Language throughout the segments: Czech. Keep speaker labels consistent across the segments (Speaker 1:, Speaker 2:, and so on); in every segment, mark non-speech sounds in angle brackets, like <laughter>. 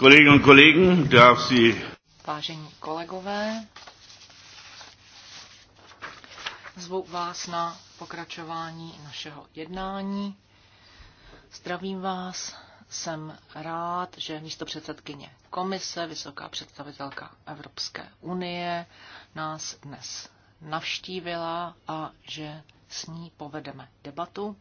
Speaker 1: Kolegyně, und darf Sie.
Speaker 2: Vážení kolegové, zvu vás na pokračování našeho jednání. Zdravím vás, jsem rád, že místo předsedkyně komise, vysoká představitelka Evropské unie, nás dnes navštívila a že s ní povedeme debatu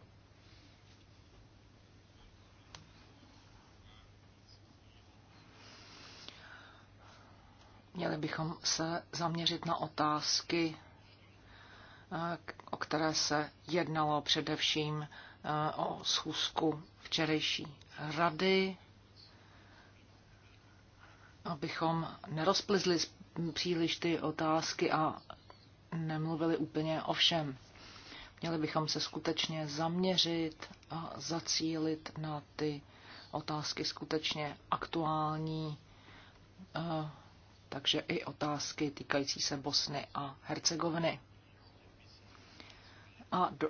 Speaker 2: Měli bychom se zaměřit na otázky, eh, o které se jednalo především eh, o schůzku včerejší rady, abychom nerozplizli příliš ty otázky a nemluvili úplně o všem. Měli bychom se skutečně zaměřit a zacílit na ty otázky skutečně aktuální, eh, takže i otázky týkající se Bosny a Hercegoviny. A do,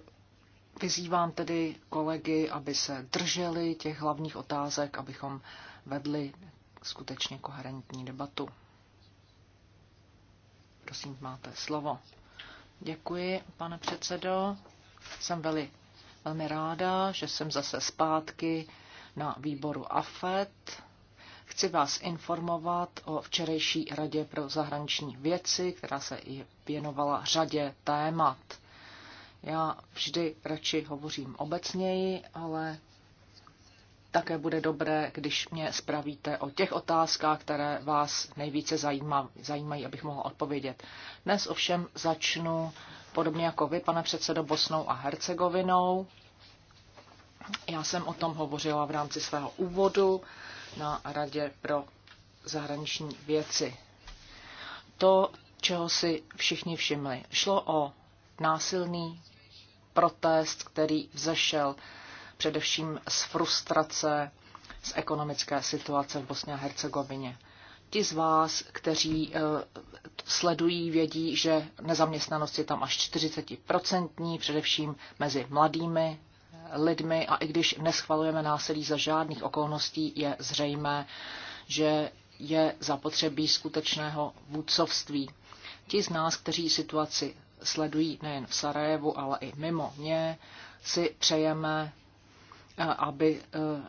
Speaker 2: vyzývám tedy kolegy, aby se drželi těch hlavních otázek, abychom vedli skutečně koherentní debatu. Prosím, máte slovo. Děkuji, pane předsedo. Jsem veli, velmi ráda, že jsem zase zpátky na výboru AFET Chci vás informovat o včerejší radě pro zahraniční věci, která se i věnovala řadě témat. Já vždy radši hovořím obecněji, ale také bude dobré, když mě spravíte o těch otázkách, které vás nejvíce zajímají, abych mohla odpovědět. Dnes ovšem začnu podobně jako vy, pane předsedo, Bosnou a Hercegovinou. Já jsem o tom hovořila v rámci svého úvodu na Radě pro zahraniční věci. To, čeho si všichni všimli, šlo o násilný protest, který vzešel především z frustrace z ekonomické situace v Bosně a Hercegovině. Ti z vás, kteří eh, sledují, vědí, že nezaměstnanost je tam až 40%, především mezi mladými lidmi a i když neschvalujeme násilí za žádných okolností, je zřejmé, že je zapotřebí skutečného vůdcovství. Ti z nás, kteří situaci sledují nejen v Sarajevu, ale i mimo ně, si přejeme, eh, aby eh,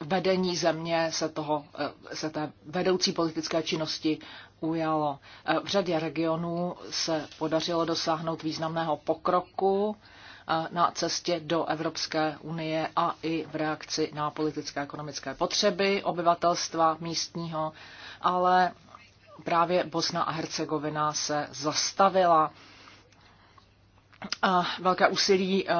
Speaker 2: vedení země se, toho, eh, se té vedoucí politické činnosti ujalo. V řadě regionů se podařilo dosáhnout významného pokroku na cestě do Evropské unie a i v reakci na politické a ekonomické potřeby obyvatelstva místního, ale právě Bosna a Hercegovina se zastavila. Velké úsilí eh,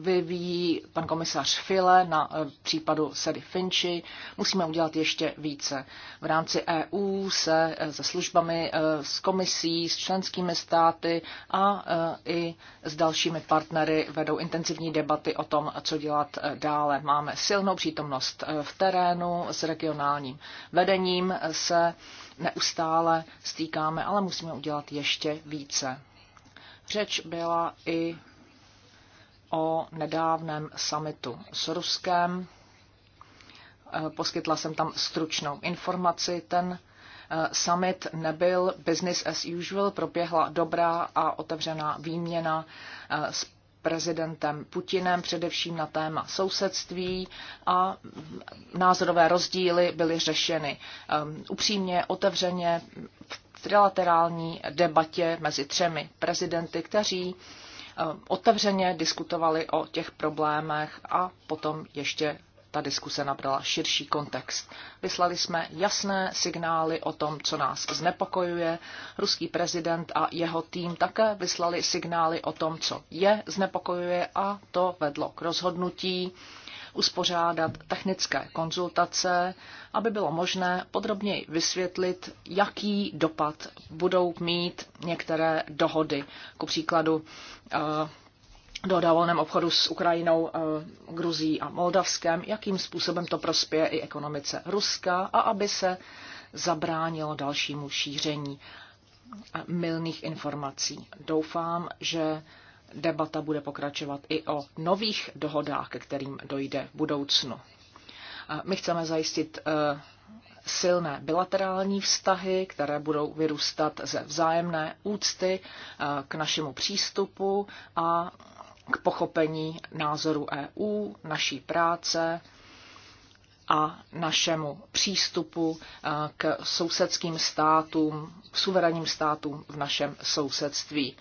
Speaker 2: vyvíjí pan komisař File na e, případu Sedy Finči. Musíme udělat ještě více. V rámci EU se e, se službami, e, s komisí, s členskými státy a i s dalšími partnery vedou intenzivní debaty o tom, co dělat dále. Máme silnou přítomnost v terénu s regionálním vedením, se neustále stýkáme, ale musíme udělat ještě více. Řeč byla i o nedávném summitu s Ruskem. Eh, poskytla jsem tam stručnou informaci. Ten eh, summit nebyl business as usual, proběhla dobrá a otevřená výměna eh, s prezidentem Putinem, především na téma sousedství a názorové rozdíly byly řešeny ehm, upřímně, otevřeně v trilaterální debatě mezi třemi prezidenty, kteří Eh, otevřeně diskutovali o těch problémech a potom ještě ta diskuse nabrala širší kontext. Vyslali jsme jasné signály o tom, co nás znepokojuje. Ruský prezident a jeho tým také vyslali signály o tom, co je znepokojuje a to vedlo k rozhodnutí uspořádat technické konzultace, aby bylo možné podrobněji vysvětlit, jaký dopad budou mít některé dohody. Ku příkladu eh, dohoda o volném obchodu s Ukrajinou, eh, Gruzí a Moldavskem, jakým způsobem to prospěje i ekonomice Ruska a aby se zabránilo dalšímu šíření eh, mylných informací. Doufám, že debata bude pokračovat i o nových dohodách, ke kterým dojde v budoucnu. My chceme zajistit eh, silné bilaterální vztahy, které budou vyrůstat ze vzájemné úcty eh, k našemu přístupu a k pochopení názoru EU, naší práce a našemu přístupu eh, k sousedským státům, k suverénním státům v našem sousedství.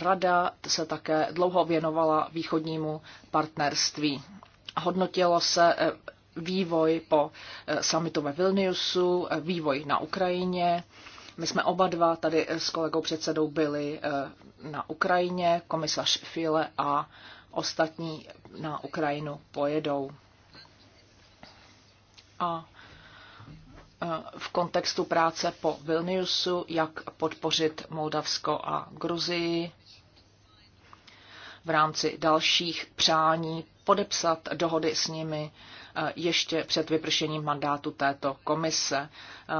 Speaker 2: Rada se také dlouho věnovala východnímu partnerství. Hodnotilo se eh, vývoj po eh, summitu ve Vilniusu, eh, vývoj na Ukrajině. My jsme oba dva tady s kolegou předsedou byli na Ukrajině, komisař File a ostatní na Ukrajinu pojedou. A Eh, v kontextu práce po Vilniusu, jak podpořit Moldavsko a Gruzii v rámci dalších přání podepsat dohody s nimi eh, ještě před vypršením mandátu této komise. Eh,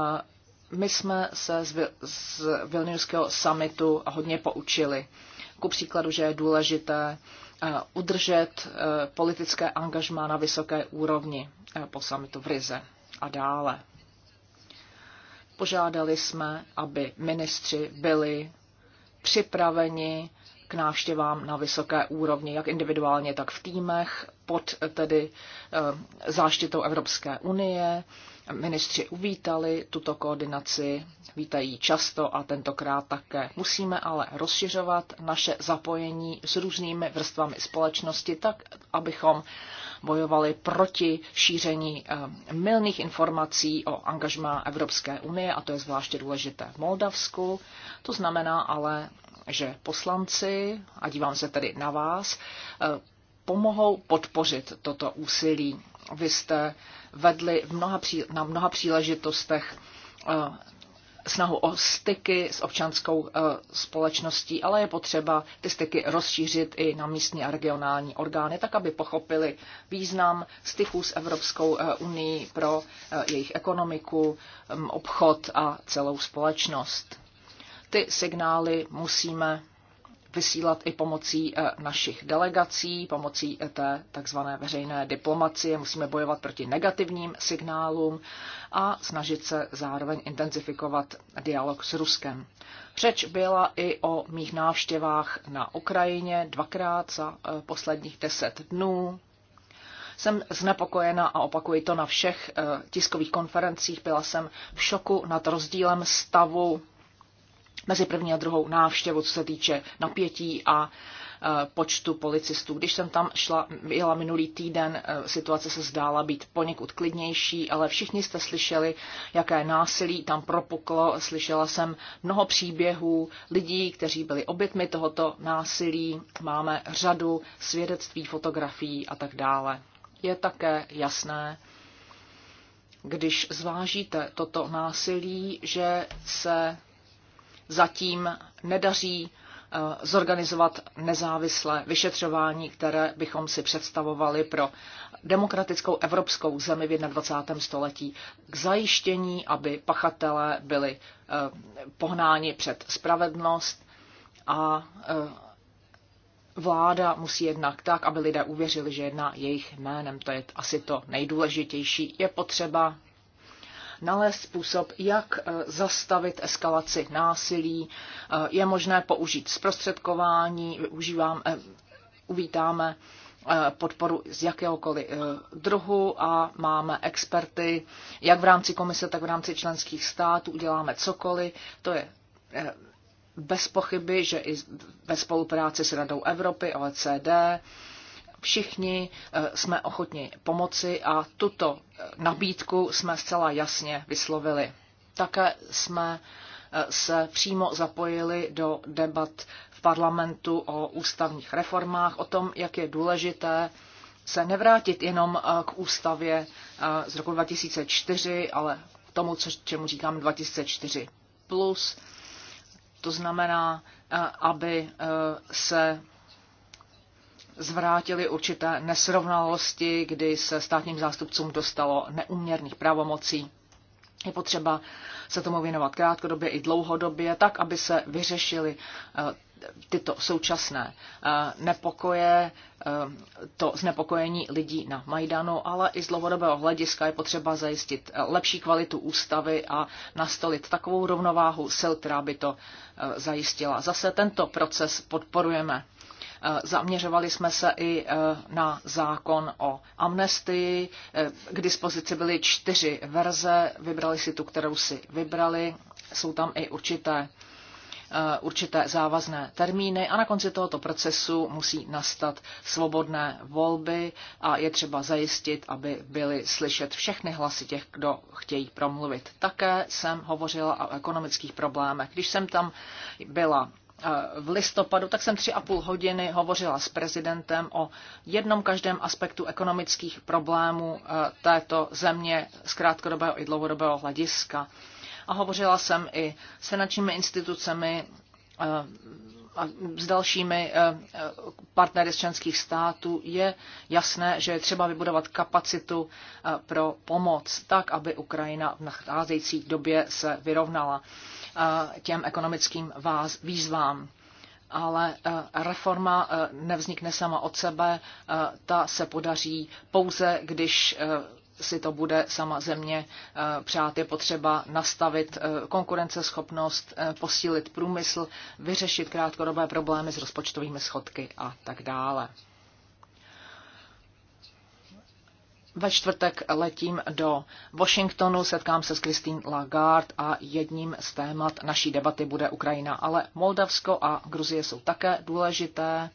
Speaker 2: my jsme se z Vilniuského summitu hodně poučili. Ku příkladu, že je důležité udržet politické angažmá na vysoké úrovni po summitu v Rize a dále. Požádali jsme, aby ministři byli připraveni k návštěvám na vysoké úrovni, jak individuálně, tak v týmech, pod tedy eh, záštitou Evropské unie. Ministři uvítali tuto koordinaci, vítají často a tentokrát také. Musíme ale rozšiřovat naše zapojení s různými vrstvami společnosti, tak abychom bojovali proti šíření eh, mylných informací o angažmá Evropské unie, a to je zvláště důležité v Moldavsku. To znamená ale, že poslanci, a dívám se tedy na vás, eh, pomohou podpořit toto úsilí. Vy jste vedli v mnoha na mnoha příležitostech eh, snahu o styky s občanskou eh, společností, ale je potřeba ty styky rozšířit i na místní a regionální orgány, tak aby pochopili význam styků s Evropskou eh, unii pro jejich ekonomiku, mm, obchod a celou společnost. Ty signály musíme vysílat i pomocí e, našich delegací, pomocí e, té takzvané veřejné diplomacie. Musíme bojovat proti negativním signálům a snažit se zároveň intenzifikovat dialog s Ruskem. Řeč byla i o mých návštěvách na Ukrajině dvakrát za e, posledních deset dnů. Jsem znepokojena a opakuji to na všech tiskových konferencích. Byla jsem v šoku nad rozdílem stavu mezi první a druhou návštěvu, co se týče napětí a e, počtu policistů. Když jsem tam šla, jela minulý týden, e, situace se zdála být poněkud klidnější, ale všichni jste slyšeli, jaké násilí tam propuklo. Slyšela jsem mnoho příběhů lidí, kteří byli obětmi tohoto násilí. Máme řadu svědectví, fotografií a tak dále. Je také jasné, když zvážíte toto násilí, že se zatím nedaří eh, zorganizovat nezávislé vyšetřování, které bychom si představovali pro demokratickou evropskou zemi v 21. století k zajištění, aby pachatelé byli eh, pohnáni před spravedlnost a eh, vláda musí jednak tak, aby lidé uvěřili, že jedná jejich jménem. To je asi to nejdůležitější. Je potřeba nalézt způsob, jak eh, zastavit eskalaci násilí. Eh, je možné použít zprostředkování, užívám, eh, uvítáme podporu z jakéhokoliv druhu a máme experty, jak v rámci komise, tak v rámci členských států, uděláme cokoliv. To je bez pochyby, že i ve spolupráci s Radou Evropy, OECD, Všichni eh, jsme ochotni pomoci a tuto eh, nabídku jsme zcela jasně vyslovili. Také jsme eh, se přímo zapojili do debat v parlamentu o ústavních reformách, o tom, jak je důležité se nevrátit jenom k ústavě z roku 2004, ale k tomu, čemu říkám 2004 plus. To znamená, aby se zvrátili určité nesrovnalosti, kdy se státním zástupcům dostalo neuměrných pravomocí. Je potřeba se tomu věnovat krátkodobě i dlouhodobě, tak, aby se vyřešily eh, tyto současné eh, nepokoje, eh, to znepokojení lidí na Majdanu, ale i z dlouhodobého hlediska je potřeba zajistit lepší kvalitu ústavy a nastolit takovou rovnováhu sil, která by to zajistila. Zase tento proces podporujeme Eh, zaměřovali jsme se i eh, na zákon o amnestii. Eh, k dispozici byly čtyři verze, vybrali si tu, kterou si vybrali. Jsou tam i určité určité závazné termíny a na konci tohoto procesu musí nastat svobodné volby a je třeba zajistit, aby byly slyšet všechny hlasy těch, kdo chtějí promluvit. Také jsem hovořila o ekonomických problémech. Když jsem tam byla E, v listopadu, tak jsem tři a půl hodiny hovořila s prezidentem o jednom každém aspektu ekonomických problémů e, této země z krátkodobého i dlouhodobého hlediska. A hovořila jsem i s finančními institucemi e, a s dalšími partnery z členských států, je jasné, že je třeba vybudovat kapacitu pro pomoc tak, aby Ukrajina v nacházející době se vyrovnala. Eh, těm ekonomickým výzvám ale eh, reforma eh, nevznikne sama od sebe, ta se podaří pouze, když si to bude sama země přát. Je potřeba nastavit konkurenceschopnost, posílit průmysl, vyřešit krátkodobé problémy s rozpočtovými schodky a tak dále. Ve čtvrtek letím do Washingtonu, setkám se s Christine Lagarde a jedním z témat naší debaty bude Ukrajina. Ale Moldavsko a Gruzie jsou také důležité.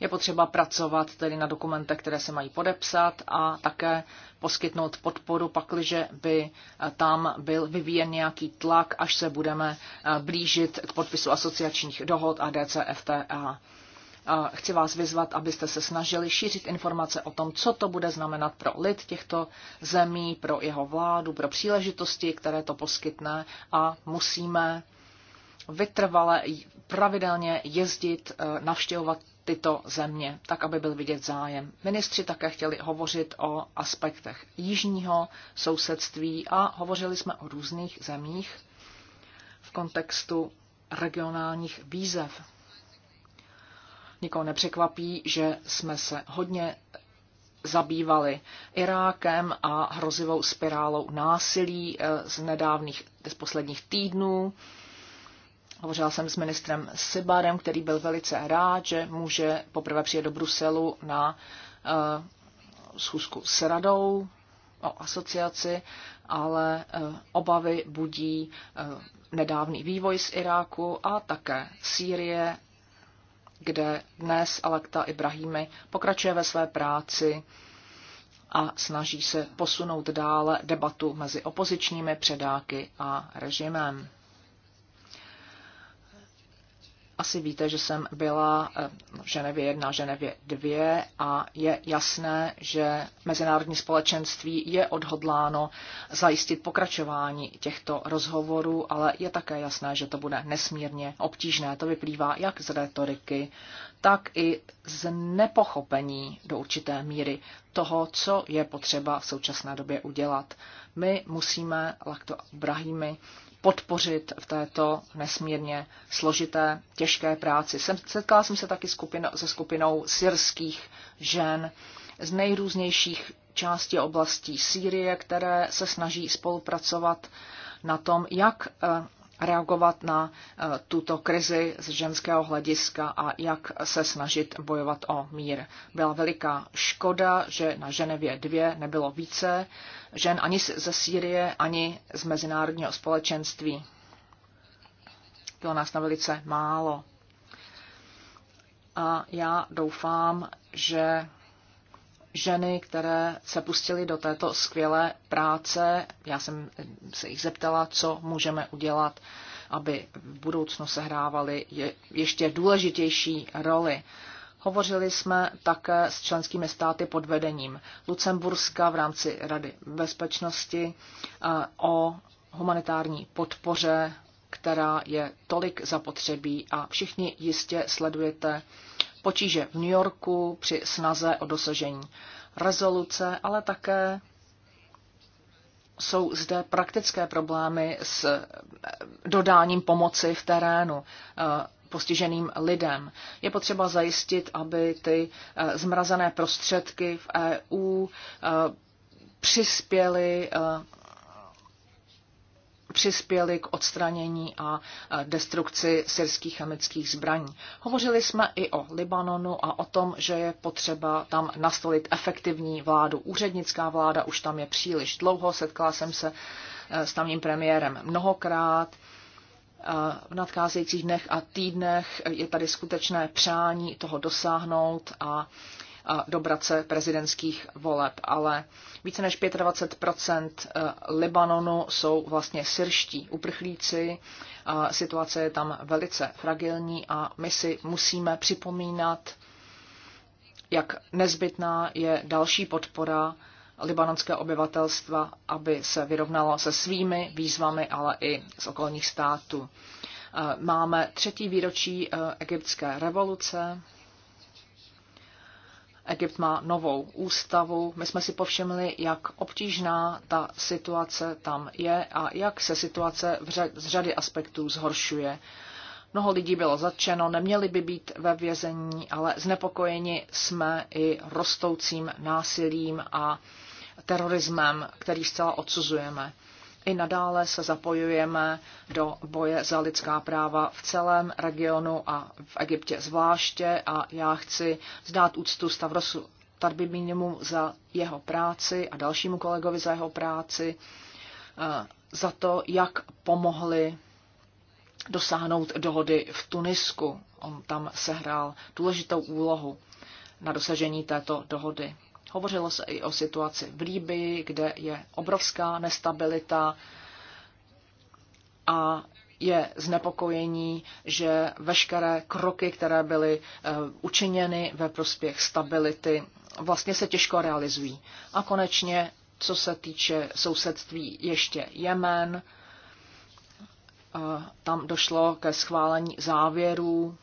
Speaker 2: Je potřeba pracovat tedy na dokumentech, které se mají podepsat a také poskytnout podporu, pakliže by eh, tam byl vyvíjen nějaký tlak, až se budeme eh, blížit k podpisu asociačních dohod a DCFTA. Chci vás vyzvat, abyste se snažili šířit informace o tom, co to bude znamenat pro lid těchto zemí, pro jeho vládu, pro příležitosti, které to poskytne a musíme vytrvale pravidelně jezdit, eh, navštěvovat tyto země, tak aby byl vidět zájem. Ministři také chtěli hovořit o aspektech jižního sousedství a hovořili jsme o různých zemích v kontextu regionálních výzev. Nikoho nepřekvapí, že jsme se hodně zabývali Irákem a hrozivou spirálou násilí eh, z nedávných, z posledních týdnů. Hovořila jsem s ministrem Sibarem, který byl velice rád, že může poprvé přijet do Bruselu na uh, schůzku s radou o asociaci, ale uh, obavy budí uh, nedávný vývoj z Iráku a také Sýrie kde dnes Alekta Ibrahimi pokračuje ve své práci a snaží se posunout dále debatu mezi opozičními předáky a režimem. Asi víte, že jsem byla eh, v Ženevě 1, Ženevě 2 a je jasné, že mezinárodní společenství je odhodláno zajistit pokračování těchto rozhovorů, ale je také jasné, že to bude nesmírně obtížné. To vyplývá jak z retoriky, tak i z nepochopení do určité míry toho, co je potřeba v současné době udělat. My musíme, Lakto Brahimi, podpořit v této nesmírně složité, těžké práci. Jsem, setkala jsem se taky skupin, se skupinou syrských žen z nejrůznějších částí oblastí Sýrie, které se snaží spolupracovat na tom, jak eh, reagovat na eh, tuto krizi z ženského hlediska a jak se snažit bojovat o mír. Byla veliká škoda, že na Ženevě 2 nebylo více žen ani ze Sýrie, ani z mezinárodního společenství. Bylo nás na velice málo. A já doufám, že ženy, které se pustily do této skvělé práce. Já jsem se jich zeptala, co můžeme udělat, aby v budoucnu sehrávaly ještě důležitější roli. Hovořili jsme také s členskými státy pod vedením Lucemburska v rámci Rady bezpečnosti eh, o humanitární podpoře, která je tolik zapotřebí a všichni jistě sledujete potíže v New Yorku při snaze o dosažení rezoluce, ale také jsou zde praktické problémy s eh, dodáním pomoci v terénu eh, postiženým lidem. Je potřeba zajistit, aby ty eh, zmrazené prostředky v EU přispěly přispěli k odstranění a destrukci syrských chemických zbraní. Hovořili jsme i o Libanonu a o tom, že je potřeba tam nastolit efektivní vládu. Úřednická vláda už tam je příliš dlouho, setkala jsem se e, s tamním premiérem mnohokrát e, v nadcházejících dnech a týdnech je tady skutečné přání toho dosáhnout a dobrat se prezidentských voleb, ale více než 25 eh, Libanonu jsou vlastně syrští uprchlíci. Situace je tam velice fragilní a my si musíme připomínat, jak nezbytná je další podpora libanonského obyvatelstva, aby se vyrovnalo se svými výzvami, ale i z okolních států. Eh, máme třetí výročí eh, egyptské revoluce, Egypt má novou ústavu. My jsme si povšimli, jak obtížná ta situace tam je a jak se situace v řad, z řady aspektů zhoršuje. Mnoho lidí bylo zatčeno, neměli by být ve vězení, ale znepokojeni jsme i rostoucím násilím a terorismem, který zcela odsuzujeme. I nadále se zapojujeme do boje za lidská práva v celém regionu a v Egyptě zvláště a já chci zdát úctu Stavrosu Tarbiminimu za jeho práci a dalšímu kolegovi za jeho práci, eh, za to, jak pomohli dosáhnout dohody v Tunisku. On tam sehrál důležitou úlohu na dosažení této dohody. Hovořilo se i o situaci v Líbii, kde je obrovská nestabilita a je znepokojení, že veškeré kroky, které byly eh, učiněny ve prospěch stability, vlastně se těžko realizují. A konečně, co se týče sousedství, ještě Jemen. Eh, tam došlo ke schválení závěrů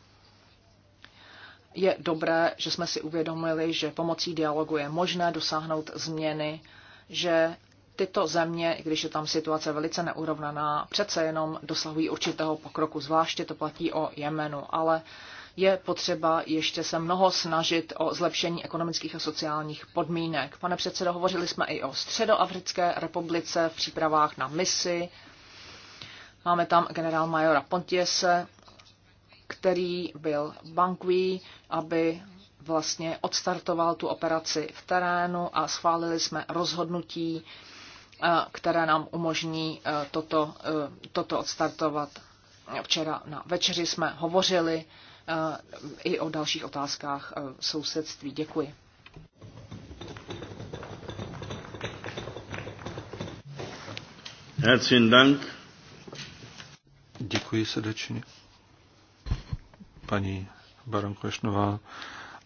Speaker 2: je dobré, že jsme si uvědomili, že pomocí dialogu je možné dosáhnout změny, že tyto země, i když je tam situace velice neurovnaná, přece jenom dosahují určitého pokroku, zvláště to platí o Jemenu, ale je potřeba ještě se mnoho snažit o zlepšení ekonomických a sociálních podmínek. Pane předsedo, hovořili jsme i o Středoafrické republice v přípravách na misi. Máme tam generál majora Pontiese, který byl bankový, aby vlastně odstartoval tu operaci v terénu a schválili jsme rozhodnutí, eh, které nám umožní eh, toto, eh, toto odstartovat. Včera na večeři jsme hovořili i o dalších otázkách sousedství. Děkuji.
Speaker 1: Herzlichen Dank. Děkuji srdečně paní Baronkošnová,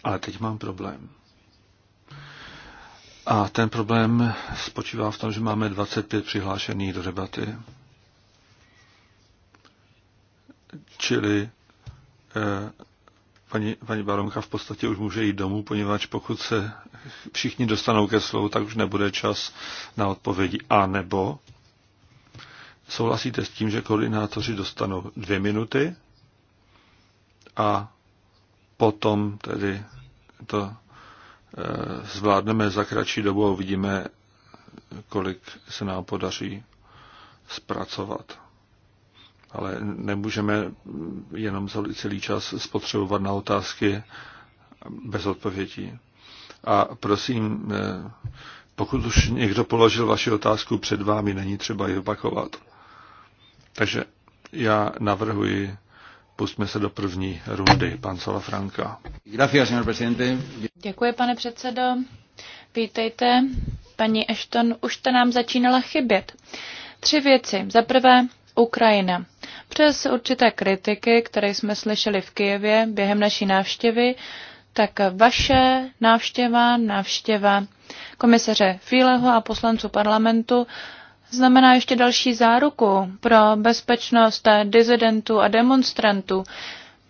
Speaker 1: ale teď mám problém. A ten problém spočívá v tom, že máme 25 přihlášených do debaty. Čili eh, paní, paní baronka v podstatě už může jít domů, poněvadž pokud se všichni dostanou ke slovu, tak už nebude čas na odpovědi. A nebo souhlasíte s tím, že koordinátoři dostanou dvě minuty a potom tedy to e, zvládneme za kratší dobu a uvidíme, kolik se nám podaří zpracovat. Ale nemůžeme jenom celý čas spotřebovat na otázky bez odpovědí. A prosím, e, pokud už někdo položil vaši otázku před vámi, není třeba ji opakovat. Takže já navrhuji pustme se do první rundy. Pan Franka.
Speaker 3: Děkuji, pane předsedo. Vítejte. Paní Ashton, už to nám začínala chybět. Tři věci. Za prvé, Ukrajina. Přes určité kritiky, které jsme slyšeli v Kijevě během naší návštěvy, tak vaše návštěva, návštěva komisaře Fíleho a poslanců parlamentu znamená ještě další záruku pro bezpečnost dizidentů a demonstrantů.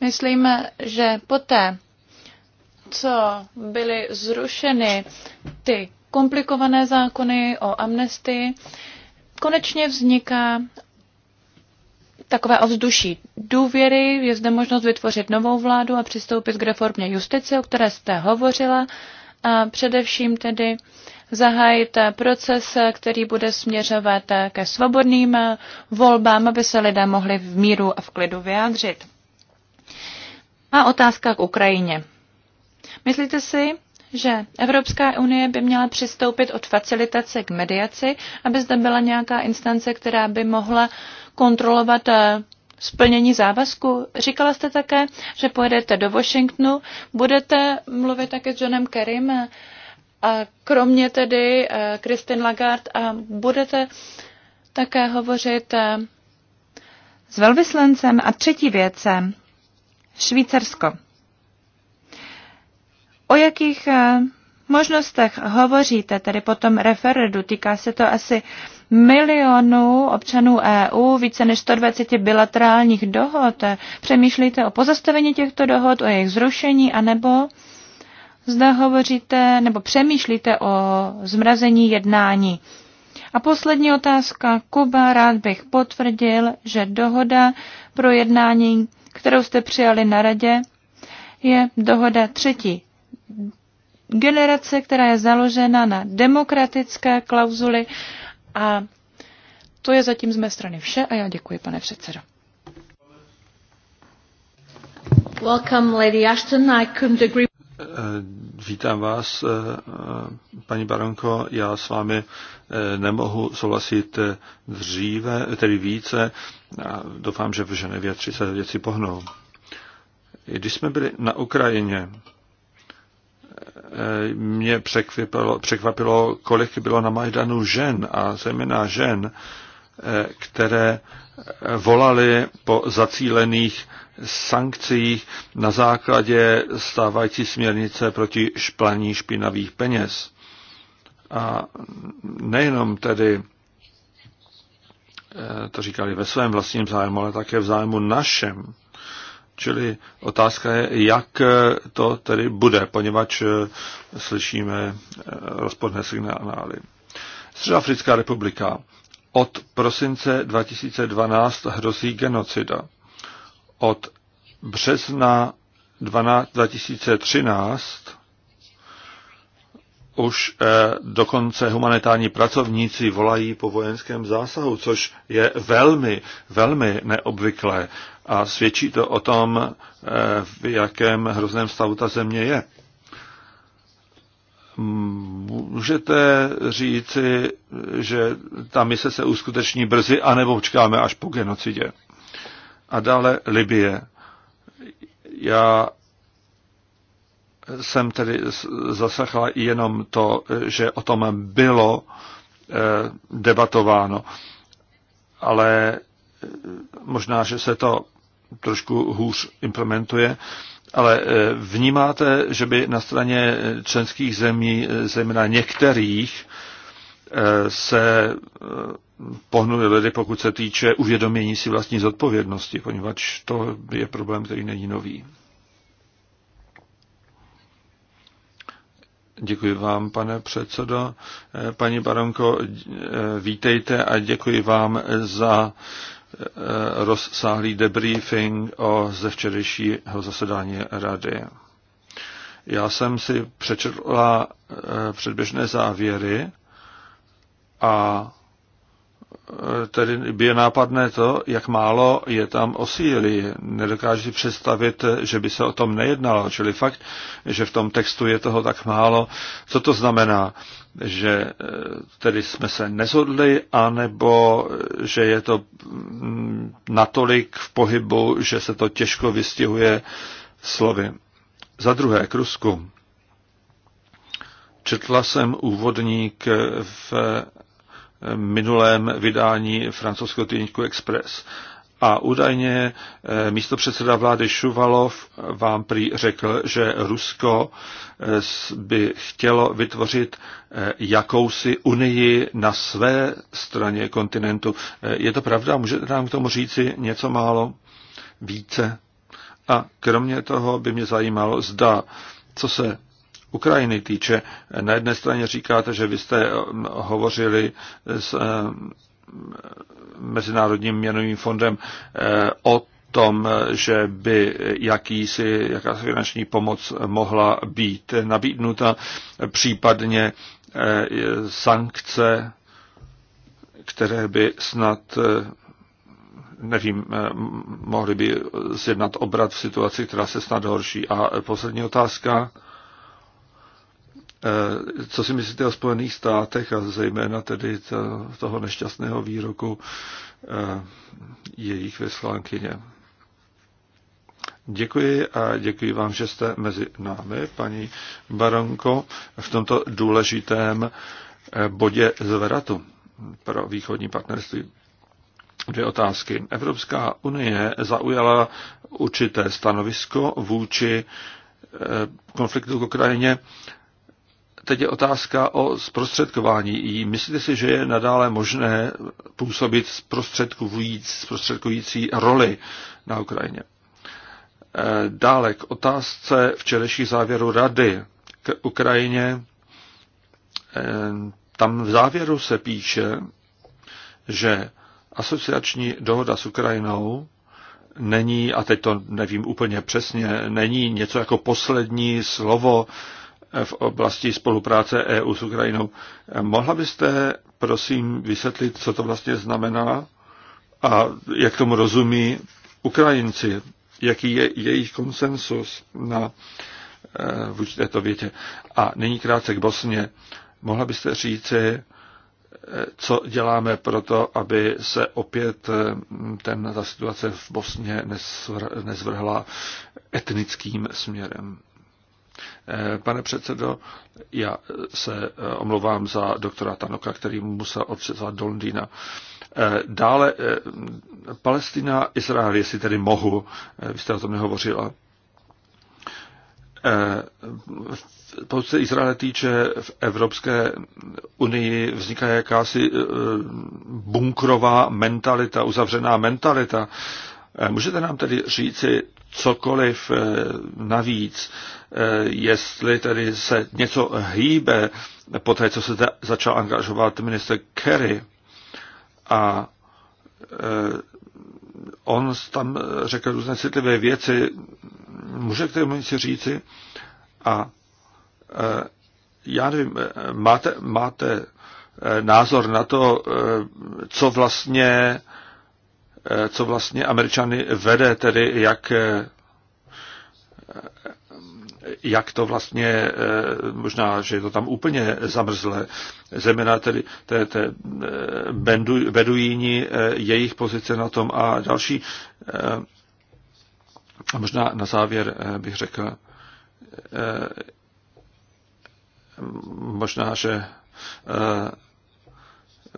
Speaker 3: Myslíme, že poté, co byly zrušeny ty komplikované zákony o amnestii, konečně vzniká takové ovzduší důvěry, je zde možnost vytvořit novou vládu a přistoupit k reformě justice, o které jste hovořila, a především tedy uh, zahájit proces, který bude směřovat ke svobodným volbám, aby se lidé mohli v míru a v klidu vyjádřit. A otázka k Ukrajině. Myslíte si, že Evropská unie by měla přistoupit od facilitace k mediaci, aby zde byla nějaká instance, která by mohla kontrolovat eh, splnění závazku. Říkala jste také, že pojedete do Washingtonu, budete mluvit také s Johnem Kerrym a kromě tedy Kristin eh, Lagarde a budete také hovořit eh, s velvyslancem a třetí věcem Švýcarsko. O jakých eh, možnostech hovoříte tedy po tom referendu? Týká se to asi milionů občanů EU, více než 120 bilaterálních dohod. Přemýšlíte o pozastavení těchto dohod, o jejich zrušení, anebo zda hovoříte nebo přemýšlíte o zmrazení jednání. A poslední otázka. Kuba, rád bych potvrdil, že dohoda pro jednání, kterou jste přijali na radě, je dohoda třetí generace, která je založena na demokratické klauzuly a to je zatím z mé strany vše a já děkuji, pane předsedo.
Speaker 2: Welcome, Lady Ashton. I couldn't agree.
Speaker 1: Eh, vítám vás, eh, paní Baronko. Já s vámi eh, nemohu souhlasit dříve, tedy více. A doufám, že v Ženevě 30 věci pohnou. Když jsme byli na Ukrajině, mě překvapilo, překvapilo, kolik bylo na Majdanu žen a zejména žen, které volali po zacílených sankcích na základě stávající směrnice proti šplaní špinavých peněz. A nejenom tedy eh, to říkali ve svém vlastním zájmu, ale také v zájmu našem. Čili otázka je, jak eh, to tedy bude, poněvadž eh, slyšíme rozporné signály. Středoafrická republika. Od prosince 2012 hrozí genocida. Od března 2013 už eh, dokonce humanitární pracovníci volají po vojenském zásahu, což je velmi, velmi neobvyklé a svědčí to o tom, eh, v jakém hrozném stavu ta země je. Můžete říci, že ta mise se uskuteční brzy, anebo počkáme až po genocidě. A dále Libie. Já jsem tedy zasahla jenom to, že o tom bylo eh, debatováno. Ale eh, možná, že se to trošku hůř implementuje. Ale eh, vnímáte, že by na straně eh, členských zemí, eh, zejména některých, se pohnuli lidi, pokud se týče uvědomění si vlastní zodpovědnosti, poněvadž to je problém, který není nový. Děkuji vám, pane předsedo. Paní Baronko, vítejte a děkuji vám za Eh, rozsáhlý debriefing o ze včerejšího zasedání rady. Já jsem si přečetla eh, předběžné závěry a eh, tedy je nápadné to, jak málo je tam o Nedokážu si představit, že by se o tom nejednalo. Čili fakt, že v tom textu je toho tak málo. Co to znamená? že eh, tedy jsme se nezhodli, anebo eh, že je to mm, natolik v pohybu, že se to těžko vystihuje slovy. Za druhé, k Rusku. Četla jsem úvodník v minulém vydání francouzského týdníku Express. A údajně eh, místo předseda vlády Šuvalov vám prý řekl, že Rusko eh, by chtělo vytvořit eh, jakousi unii na své straně kontinentu. Je to pravda? Můžete nám k tomu říci něco málo více? A kromě toho by mě zajímalo, zda, co se Ukrajiny týče, na jedné straně říkáte, že vy jste hovořili s Mezinárodním měnovým fondem eh, o tom, že by jakýsi, jaká finanční pomoc mohla být nabídnuta, případně eh, sankce, které by snad eh, nevím, mohli by zjednat obrat v situaci, která se snad horší. A poslední otázka. Eh, co si myslíte o Spojených státech a zejména tedy toho nešťastného výroku eh, jejich vyslankyně? Děkuji a děkuji vám, že jste mezi námi, paní Baronko, v tomto důležitém eh, bodě zvratu pro východní partnerství. Dvě otázky. Evropská unie zaujala určité stanovisko vůči konfliktu v Ukrajině teď je otázka o zprostředkování. Myslíte si, že je nadále možné působit zprostředkující roli na Ukrajině? Eh, dále k otázce včerejších závěrů rady k Ukrajině. Eh, tam v závěru se píše, že asociační dohoda s Ukrajinou není, a teď to nevím úplně přesně, není něco jako poslední slovo v oblasti spolupráce EU s Ukrajinou. Mohla byste, prosím, vysvětlit, co to vlastně znamená a jak tomu rozumí Ukrajinci, jaký je jejich konsensus na eh, v této větě. A nyní krátce k Bosně. Mohla byste říci, eh, co děláme pro to, aby se opět eh, ten, ta situace v Bosně nezvrhla etnickým směrem. Eh, pane předsedo, já se eh, omlouvám za doktora Tanoka, který musel odcestovat do Londýna. Eh, dále Palestina, Izrael, jestli tedy mohu, vy jste o tom nehovořila. Pokud se Izraele týče, v Evropské unii vzniká jakási bunkrová mentalita, uzavřená mentalita. Můžete nám tedy říci, cokoliv eh, navíc, eh, jestli tedy se něco hýbe po té, co se začal angažovat minister Kerry a eh, on tam řekl různé citlivé věci, může k tomu něco říci a já nevím, máte, máte názor na to, co vlastně Eh, co vlastně Američany vede, tedy jak, eh, jak to vlastně, eh, možná, že je to tam úplně zamrzlé, zejména tedy té, té bendu, beduíni, jejich pozice na tom a další. A možná na závěr bych řekl, možná, že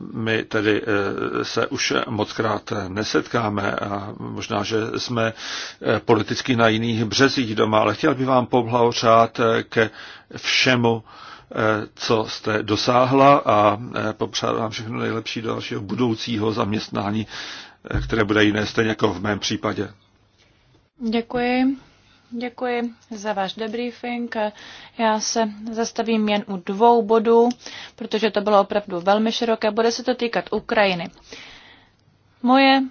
Speaker 1: my tedy eh, se už mockrát nesetkáme a možná, že jsme eh, politicky na jiných březích doma, ale chtěl bych vám poblahořát eh, ke všemu, co jste dosáhla a popřát vám všechno nejlepší do vašeho budoucího zaměstnání, které bude jiné, stejně jako v mém případě.
Speaker 3: Děkuji. Děkuji za váš debriefing. Já se zastavím jen u dvou bodů, protože to bylo opravdu velmi široké. Bude se to týkat Ukrajiny. Moje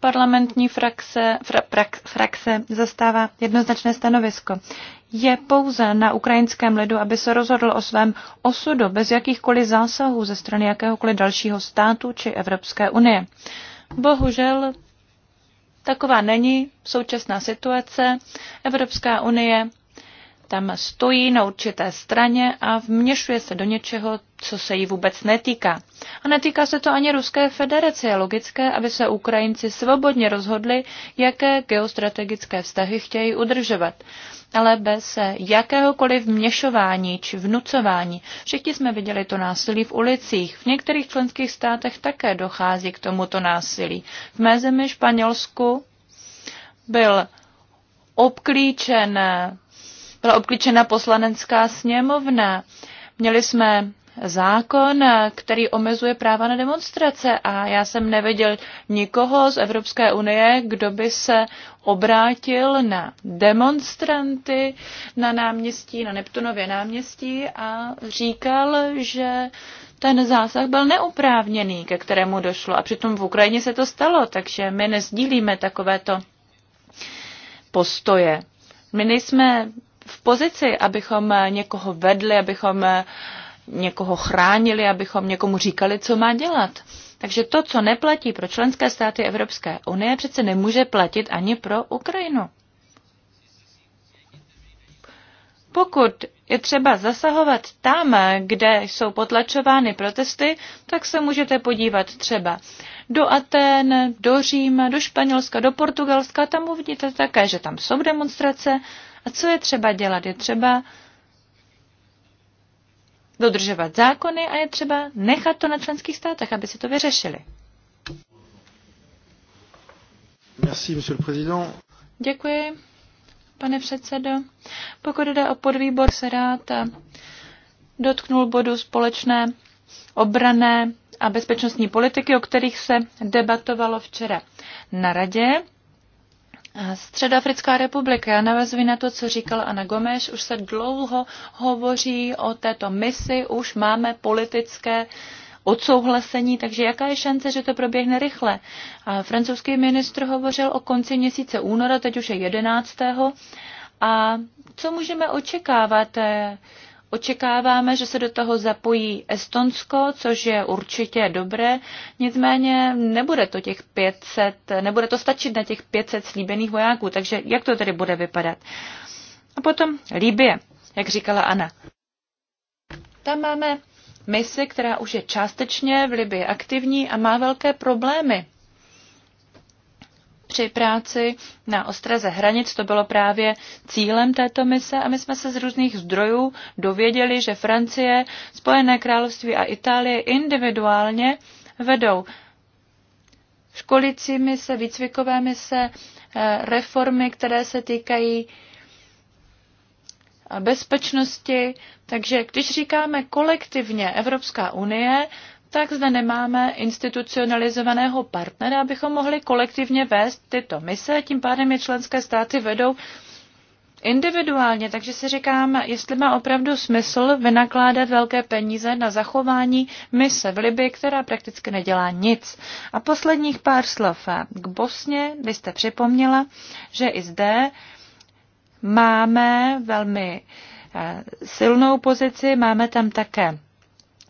Speaker 3: parlamentní frakce, fra, prak, frakce zastává jednoznačné stanovisko. Je pouze na ukrajinském lidu, aby se rozhodl o svém osudu bez jakýchkoliv zásahů ze strany jakéhokoliv dalšího státu či Evropské unie. Bohužel Taková není současná situace. Evropská unie tam stojí na určité straně a vměšuje se do něčeho, co se jí vůbec netýká. A netýká se to ani Ruské federace. Je logické, aby se Ukrajinci svobodně rozhodli, jaké geostrategické vztahy chtějí udržovat. Ale bez jakéhokoliv vměšování či vnucování. Všichni jsme viděli to násilí v ulicích. V některých členských státech také dochází k tomuto násilí. V mé zemi Španělsku byl obklíčen, byla obklíčena poslanecká sněmovna. Měli jsme zákon, který omezuje práva na demonstrace a já jsem neviděl nikoho z Evropské unie, kdo by se obrátil na demonstranty na náměstí, na Neptunově náměstí a říkal, že ten zásah byl neoprávněný, ke kterému došlo. A přitom v Ukrajině se to stalo, takže my nezdílíme takovéto postoje. My nejsme v pozici, abychom někoho vedli, abychom někoho chránili, abychom někomu říkali, co má dělat. Takže to, co neplatí pro členské státy Evropské unie, přece nemůže platit ani pro Ukrajinu. Pokud je třeba zasahovat tam, kde jsou potlačovány protesty, tak se můžete podívat třeba do Aten, do Říma, do Španělska, do Portugalska, tam uvidíte také, že tam jsou demonstrace. A co je třeba dělat? Je třeba dodržovat zákony a je třeba nechat to na členských státech, aby si to vyřešili.
Speaker 1: Merci, monsieur le président.
Speaker 3: Děkuji, pane předsedo. Pokud jde o podvýbor, se rád dotknul bodu společné obrané a bezpečnostní politiky, o kterých se debatovalo včera na radě. Středoafrická republika, já navazuji na to, co říkala Ana Gomeš, už se dlouho hovoří o této misi, už máme politické odsouhlasení, takže jaká je šance, že to proběhne rychle? A francouzský ministr hovořil o konci měsíce února, teď už je 11. A co můžeme očekávat? Očekáváme, že se do toho zapojí Estonsko, což je určitě dobré, nicméně nebude to těch 500, nebude to stačit na těch 500 slíbených vojáků, takže jak to tedy bude vypadat? A potom Líbie, jak říkala Anna. Tam máme misi, která už je částečně v Libii aktivní a má velké problémy při práci na ostraze hranic. To bylo právě cílem této mise a my jsme se z různých zdrojů dověděli, že Francie, Spojené království a Itálie individuálně vedou školicí mise, výcvikové mise, eh, reformy, které se týkají bezpečnosti. Takže když říkáme kolektivně Evropská unie, tak zde nemáme institucionalizovaného partnera, abychom mohli kolektivně vést tyto mise, tím pádem je členské státy vedou individuálně, takže si říkám, jestli má opravdu smysl vynakládat velké peníze na zachování mise v Libii, která prakticky nedělá nic. A posledních pár slov k Bosně. Vy jste připomněla, že i zde máme velmi eh, silnou pozici, máme tam také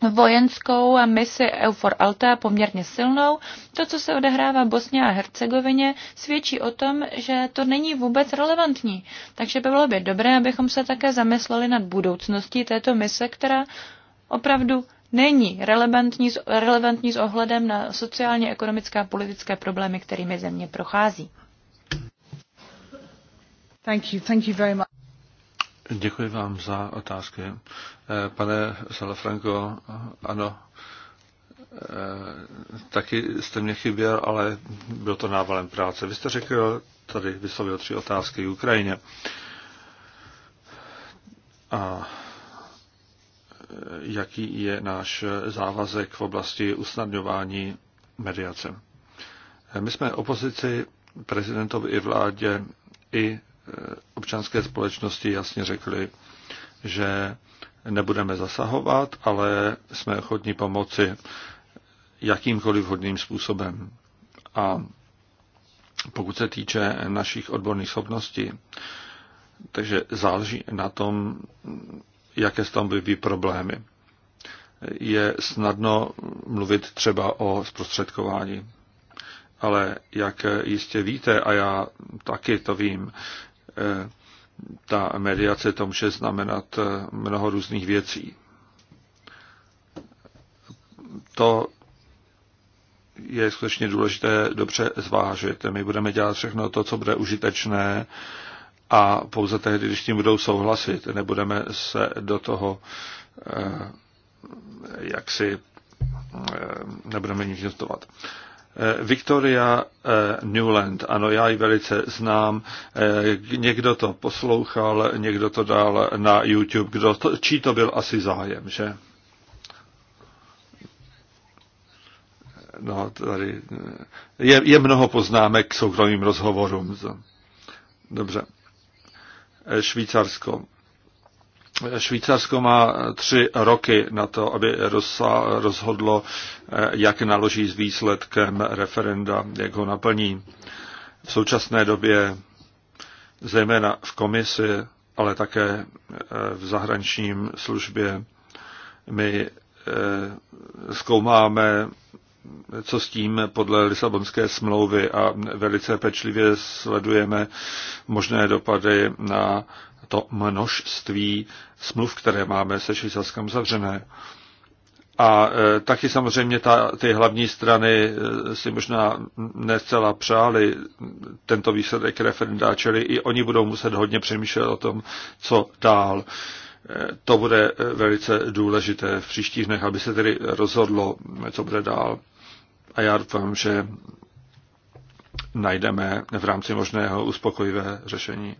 Speaker 3: vojenskou misi Eufor Alta poměrně silnou. To, co se odehrává v Bosně a Hercegovině, svědčí o tom, že to není vůbec relevantní. Takže by bylo by dobré, abychom se také zamysleli nad budoucností této mise, která opravdu není relevantní, relevantní s ohledem na sociálně, ekonomické a politické problémy, kterými země prochází. Thank
Speaker 2: you, thank you very much.
Speaker 1: Děkuji vám za otázky. Eh, pane Salafranco, ano, eh, taky jste mě chyběl, ale byl to návalem práce. Vy jste řekl, tady vyslovil tři otázky k Ukrajině. A jaký je náš závazek v oblasti usnadňování mediace. Eh, my jsme opozici prezidentovi i vládě i občanské společnosti jasně řekli, že nebudeme zasahovat, ale jsme ochotní pomoci jakýmkoliv vhodným způsobem. A pokud se týče našich odborných schopností, takže záleží na tom, jaké z tam byly problémy. Je snadno mluvit třeba o zprostředkování. Ale jak jistě víte, a já taky to vím, Eh, ta mediace to může znamenat eh, mnoho různých věcí. To je skutečně důležité dobře zvážit. My budeme dělat všechno to, co bude užitečné a pouze tehdy, když tím budou souhlasit, nebudeme se do toho eh, jaksi nebudeme nic investovat. Eh, Victoria eh, Newland, ano, já ji velice znám. Eh, někdo to poslouchal, někdo to dal na YouTube. Kdo to, čí to byl asi zájem, že? No, tady je, je mnoho poznámek k soukromým rozhovorům. Dobře. Švýcarsko. Švýcarsko má tři roky na to, aby rozhodlo, eh, jak naloží s výsledkem referenda, jak ho naplní. V současné době, zejména v komisi, ale také eh, v zahraničním službě, my eh, zkoumáme co s tím podle Lisabonské smlouvy a velice pečlivě sledujeme možné dopady na to množství smluv, které máme se Švýcarskem zavřené. A e, taky samozřejmě ta, ty hlavní strany e, si možná necela přáli tento výsledek referenda, čili i oni budou muset hodně přemýšlet o tom, co dál. E, to bude e, velice důležité v příštích dnech, aby se tedy rozhodlo, co bude dál a já doufám, že najdeme v rámci možného uspokojivé řešení.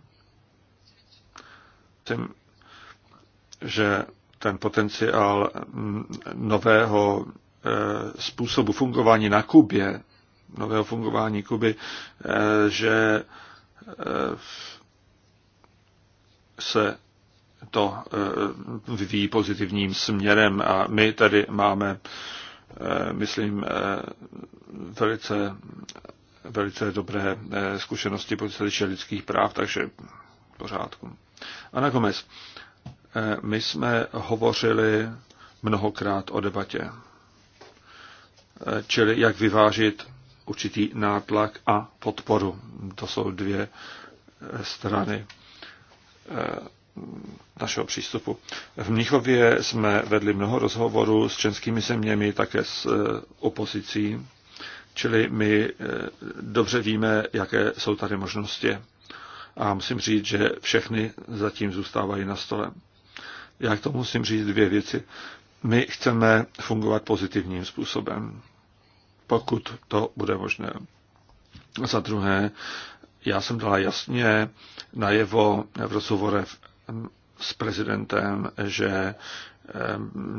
Speaker 1: Tím, že ten potenciál nového eh, způsobu fungování na Kubě, nového fungování Kuby, eh, že eh, se to vyvíjí pozitivním směrem a my tady máme Eh, myslím, eh, velice, velice dobré eh, zkušenosti celé lidských práv, takže v pořádku. Ana Gomez, my jsme hovořili mnohokrát o debatě, čili jak vyvážit určitý nátlak a podporu. To jsou dvě strany našeho přístupu. V Mnichově jsme vedli mnoho rozhovorů s českými zeměmi, také s e, opozicí, čili my e, dobře víme, jaké jsou tady možnosti. A musím říct, že všechny zatím zůstávají na stole. Já k tomu musím říct dvě věci. My chceme fungovat pozitivním způsobem, pokud to bude možné. Za druhé, já jsem dala jasně najevo v rozhovorech s prezidentem, že eh,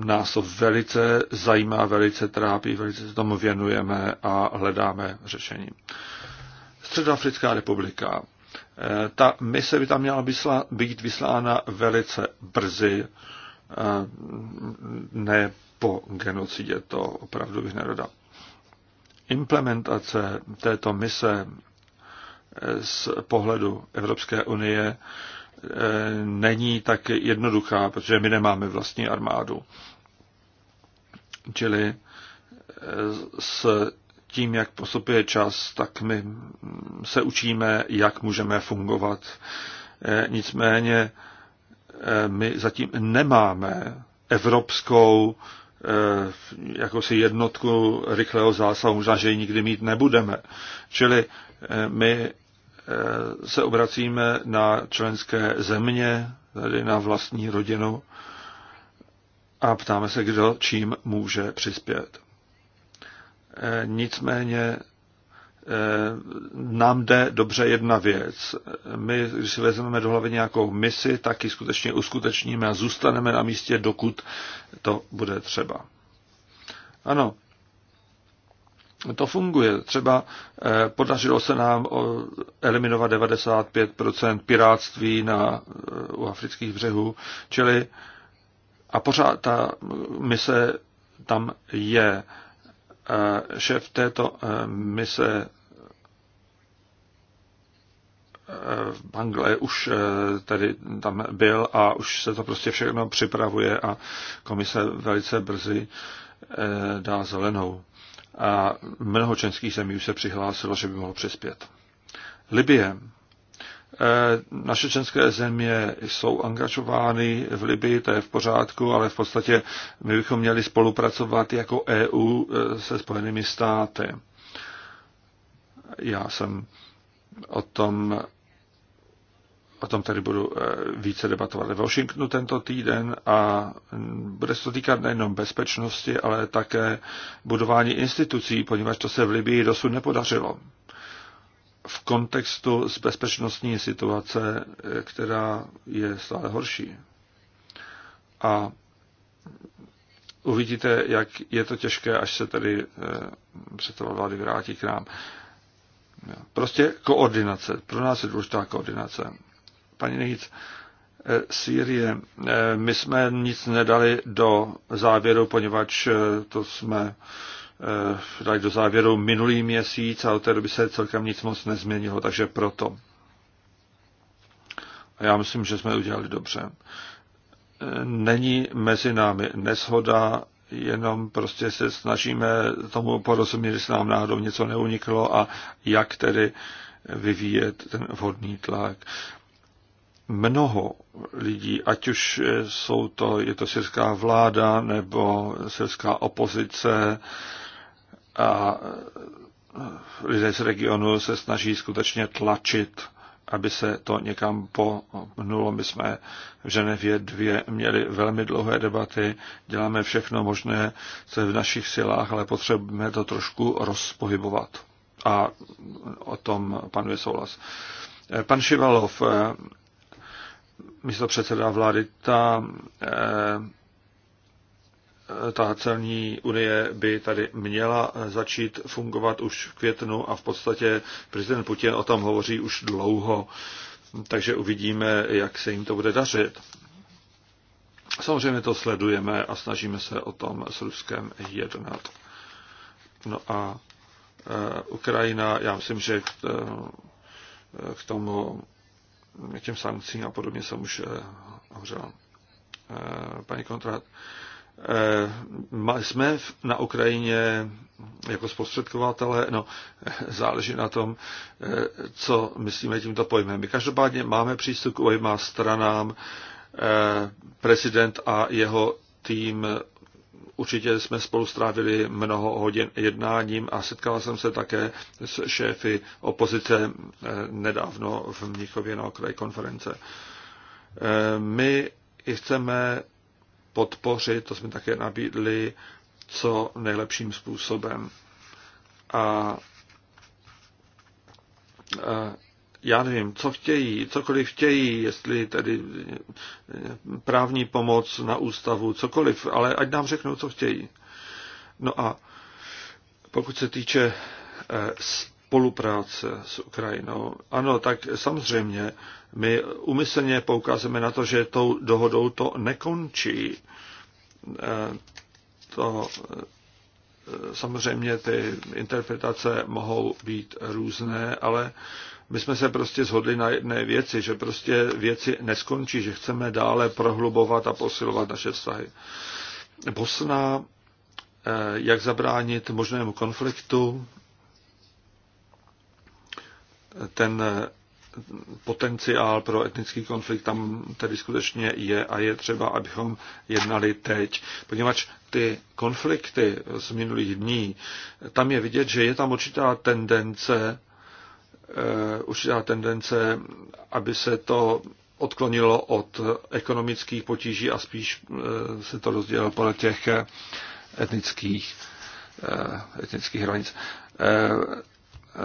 Speaker 1: nás to velice zajímá, velice trápí, velice se tomu věnujeme a hledáme řešení. Středoafrická republika. Eh, ta mise by tam měla být vyslána velice brzy, eh, ne po genocidě, to opravdu bych nedodal. Implementace této mise z pohledu Evropské unie Eh, není tak jednoduchá, protože my nemáme vlastní armádu. Čili eh, s tím, jak postupuje čas, tak my se učíme, jak můžeme fungovat. Eh, nicméně my zatím nemáme evropskou jakousi jednotku rychlého zásahu, možná, že ji nikdy mít nebudeme. Čili my Eh, se obracíme na členské země, tedy na vlastní rodinu a ptáme se, kdo čím může přispět. Eh, nicméně eh, nám jde dobře jedna věc. My, když si vezmeme do hlavy nějakou misi, tak ji skutečně uskutečníme a zůstaneme na místě, dokud to bude třeba. Ano, to funguje. Třeba eh, podařilo se nám eliminovat 95 pirátství na, eh, u afrických břehů, čili a pořád ta mise tam je. Eh, šéf této mise v Bangle už tady tam byl a už se to prostě všechno připravuje a komise velice brzy dá zelenou a mnoho českých zemí už se přihlásilo, že by mohlo přispět. Libie. E, naše české země jsou angažovány v Libii, to je v pořádku, ale v podstatě my bychom měli spolupracovat jako EU e, se Spojenými státy. Já jsem o tom o tom tady budu eh, více debatovat ve Washingtonu tento týden a mm, bude se to týkat nejenom bezpečnosti, ale také budování institucí, poněvadž to se v Libii dosud nepodařilo. V kontextu s bezpečnostní situace, eh, která je stále horší. A uvidíte, jak je to těžké, až se tady předseda eh, vlády vrátí k nám. Prostě koordinace. Pro nás je důležitá koordinace paní Nejc, eh, Sýrie. Eh, my jsme nic nedali do závěru, poněvadž eh, to jsme dali do závěru minulý měsíc a od té doby se celkem nic moc nezměnilo, takže proto. A já myslím, že jsme udělali dobře. Není mezi námi neshoda, jenom prostě se snažíme tomu porozumět, se nám náhodou něco neuniklo a jak tedy vyvíjet ten vhodný tlak mnoho lidí, ať už jsou to, je to syrská vláda nebo syrská opozice a lidé z regionu se snaží skutečně tlačit, aby se to někam pohnulo. My jsme v Ženevě dvě měli velmi dlouhé debaty, děláme všechno možné, co je v našich silách, ale potřebujeme to trošku rozpohybovat. A o tom panuje souhlas. Pan Šivalov, místo předseda vlády, ta, eh, ta celní unie by tady měla začít fungovat už v květnu a v podstatě prezident Putin o tom hovoří už dlouho, takže uvidíme, jak se jim to bude dařit. Samozřejmě to sledujeme a snažíme se o tom s Ruskem jednat. No a eh, Ukrajina, já myslím, že eh, k tomu k těm sankcím a podobně jsem už eh, hořela. Eh, paní kontrát. Eh, jsme na Ukrajině jako zprostředkovatele, no, <laughs> záleží na tom, co myslíme tímto pojmem. My každopádně máme přístup k oběma stranám. Prezident a jeho tým určitě jsme spolu strávili mnoho hodin jednáním a setkal jsem se také s šéfy opozice eh, nedávno v Mnichově na okraji konference. Eh, my chceme podpořit, to jsme také nabídli, co nejlepším způsobem. A eh, já nevím, co chtějí, cokoliv chtějí, jestli tedy eh, právní pomoc na ústavu, cokoliv, ale ať nám řeknou, co chtějí. No a pokud se týče eh, spolupráce s Ukrajinou, ano, tak samozřejmě my umyslně poukazujeme na to, že tou dohodou to nekončí. Eh, to samozřejmě ty interpretace mohou být různé, ale my jsme se prostě zhodli na jedné věci, že prostě věci neskončí, že chceme dále prohlubovat a posilovat naše vztahy. Bosna, eh, jak zabránit možnému konfliktu, ten eh, potenciál pro etnický konflikt tam tedy skutečně je a je třeba, abychom jednali teď. Poněvadž ty konflikty z minulých dní, tam je vidět, že je tam určitá tendence Eh, určitá tendence, aby se to odklonilo od ekonomických potíží a spíš eh, se to rozdělilo podle těch eh, etnických, etnických hranic.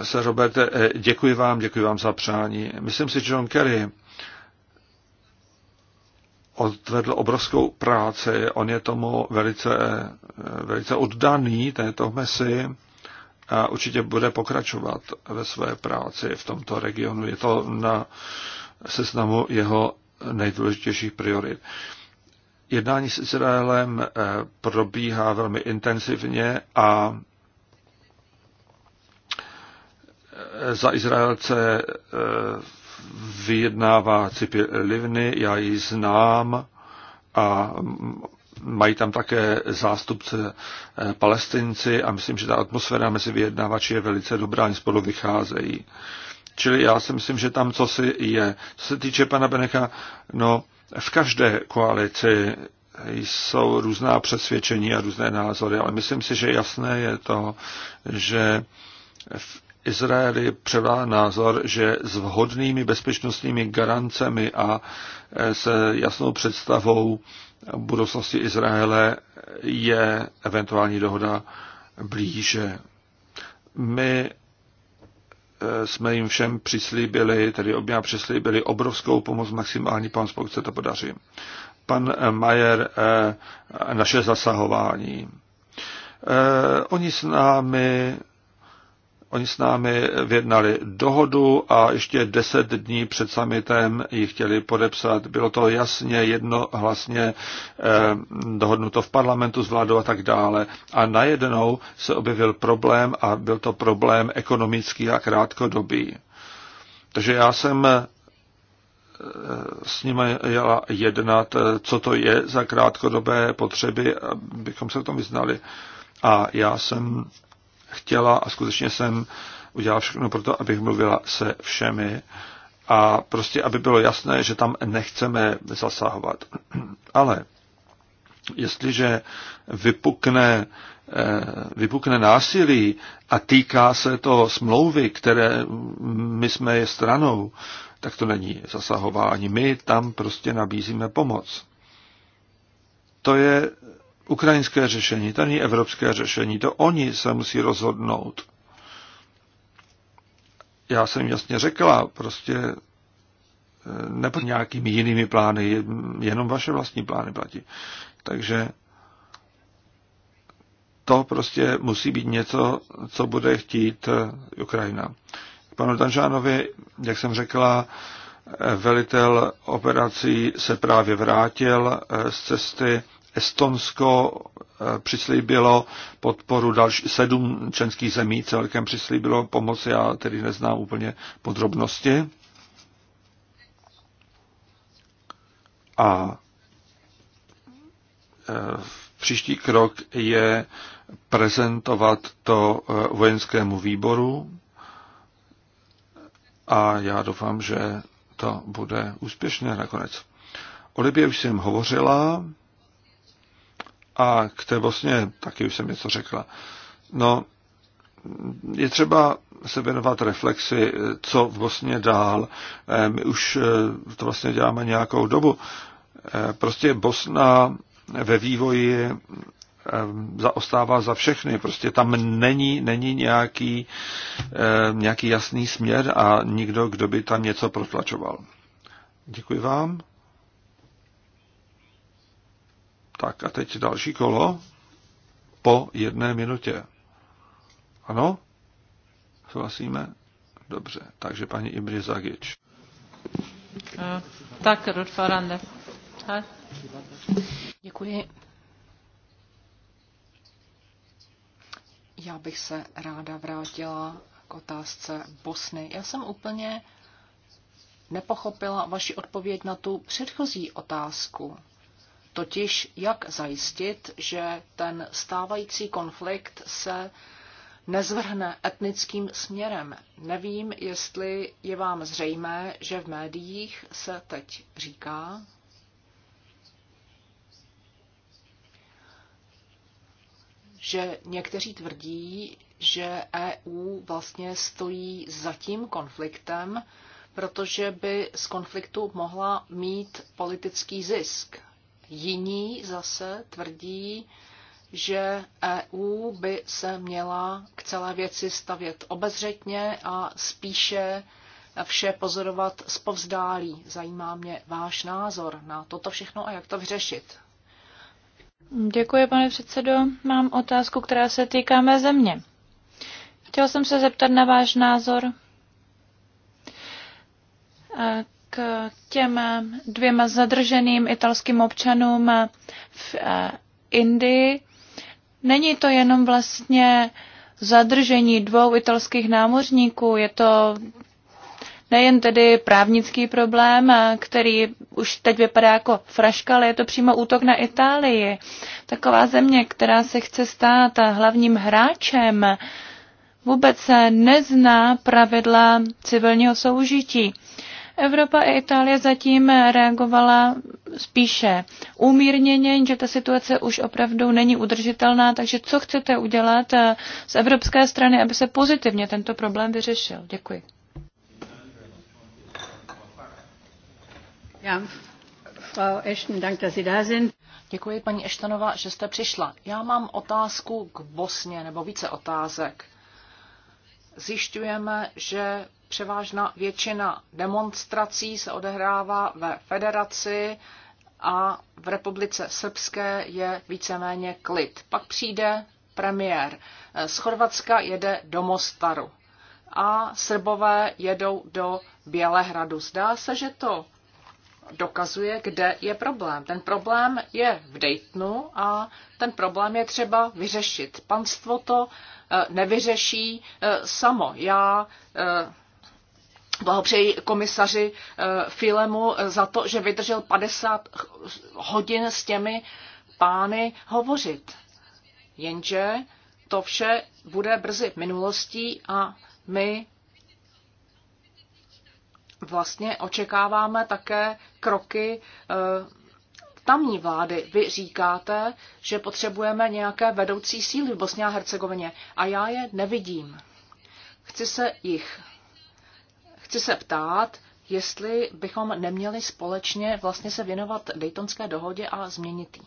Speaker 1: Se Roberte, děkuji vám, děkuji vám za přání. Myslím si, že John Kerry odvedl obrovskou práci, on je tomu velice, velice oddaný této mesi a určitě bude pokračovat ve své práci v tomto regionu. Je to na seznamu jeho nejdůležitějších priorit. Jednání s Izraelem eh, probíhá velmi intenzivně a eh, za Izraelce eh, vyjednává Cipi Livny, já ji znám a mají tam také zástupce eh, palestinci a myslím, že ta atmosféra mezi vyjednávači je velice dobrá, oni spolu vycházejí. Čili já si myslím, že tam co si je. Co se týče pana Benecha, no v každé koalici jsou různá přesvědčení a různé názory, ale myslím si, že jasné je to, že v Izraeli převá názor, že s vhodnými bezpečnostními garancemi a eh, se jasnou představou budoucnosti Izraele je eventuální dohoda blíže. My eh, jsme jim všem přislíbili, tedy oběma přislíbili obrovskou pomoc maximální, pan Spok se to podaří. Pan eh, Majer, eh, naše zasahování. Oni s námi Oni s námi vyjednali dohodu a ještě deset dní před summitem ji chtěli podepsat. Bylo to jasně, jednohlasně eh, dohodnuto v parlamentu s vládou a tak dále. A najednou se objevil problém a byl to problém ekonomický a krátkodobý. Takže já jsem eh, s nimi jela jednat, eh, co to je za krátkodobé potřeby, abychom se v tom vyznali. A já jsem chtěla a skutečně jsem udělal všechno pro to, abych mluvila se všemi a prostě, aby bylo jasné, že tam nechceme zasahovat. <clears throat> Ale jestliže vypukne, eh, vypukne násilí a týká se to smlouvy, které my jsme je stranou, tak to není zasahování. My tam prostě nabízíme pomoc. To je ukrajinské řešení, to není evropské řešení, to oni se musí rozhodnout. Já jsem jasně řekla, prostě eh, nebo nějakými jinými plány, jenom vaše vlastní plány platí. Takže to prostě musí být něco, co bude chtít eh, Ukrajina. K panu Danžánovi, jak jsem řekla, eh, velitel operací se právě vrátil z cesty Estonsko eh, přislíbilo podporu další sedm členských zemí, celkem přislíbilo pomoc, já tedy neznám úplně podrobnosti. A eh, příští krok je prezentovat to eh, vojenskému výboru a já doufám, že to bude úspěšné nakonec. O Libě už jsem hovořila. A k té Bosně taky už jsem něco řekla. No, je třeba se věnovat reflexi, co v Bosně dál. Eh, my už eh, to vlastně děláme nějakou dobu. Eh, prostě Bosna ve vývoji zaostává za všechny. Prostě tam není, není nějaký, nějaký jasný směr a nikdo, kdo by tam něco protlačoval. Děkuji vám. Tak a teď další kolo po jedné minutě. Ano? Souhlasíme? Dobře, takže paní Imri Zagič.
Speaker 3: Eh, tak, Rodfarande. Děkuji.
Speaker 2: Já bych se ráda vrátila k otázce Bosny. Já jsem úplně nepochopila vaši odpověď na tu předchozí otázku. Totiž jak zajistit, že ten stávající konflikt se nezvrhne etnickým směrem. Nevím, jestli je vám zřejmé, že v médiích se teď říká, že někteří tvrdí, že EU vlastně stojí za tím konfliktem, protože by z konfliktu mohla mít politický zisk. Jiní zase tvrdí, že EU by se měla k celé věci stavět obezřetně a spíše vše pozorovat spovzdálí. Zajímá mě váš názor na toto všechno a jak to vyřešit.
Speaker 3: Děkuji, pane předsedo. Mám otázku, která se týká mé země. Chtěl jsem se zeptat na váš názor k těm dvěma zadrženým italským občanům v eh, Indii. Není to jenom vlastně zadržení dvou italských námořníků, je to nejen tedy právnický problém, eh, který už teď vypadá jako fraška, ale je to přímo útok na Itálii. Taková země, která se chce stát hlavním hráčem, vůbec se nezná pravidla civilního soužití. Evropa a Itálie zatím reagovala spíše umírněně, že ta situace už opravdu není udržitelná, takže co chcete udělat eh, z evropské strany, aby se pozitivně tento problém vyřešil? Děkuji.
Speaker 2: Já. Frau Ashton, dank, dass Sie da sind. Děkuji, paní Eštanova, že jste přišla. Já mám otázku k Bosně, nebo více otázek. Zjišťujeme, že Převážná většina demonstrací se odehrává ve federaci a v republice srbské je víceméně klid. Pak přijde premiér. Z Chorvatska jede do Mostaru a Srbové jedou do Bělehradu. Zdá se, že to dokazuje, kde je problém. Ten problém je v Daytonu a ten problém je třeba vyřešit. Panstvo to eh, nevyřeší eh, samo. Já eh, Blahopřeji komisaři eh, Filemu za to, že vydržel 50 hodin s těmi pány hovořit. Jenže to vše bude brzy minulostí a my vlastně očekáváme také kroky eh, tamní vlády. Vy říkáte, že potřebujeme nějaké vedoucí síly v Bosně a Hercegovině a já je nevidím. Chci se jich Chci se ptát, jestli bychom neměli společně vlastně se věnovat Daytonské dohodě a změnit ji.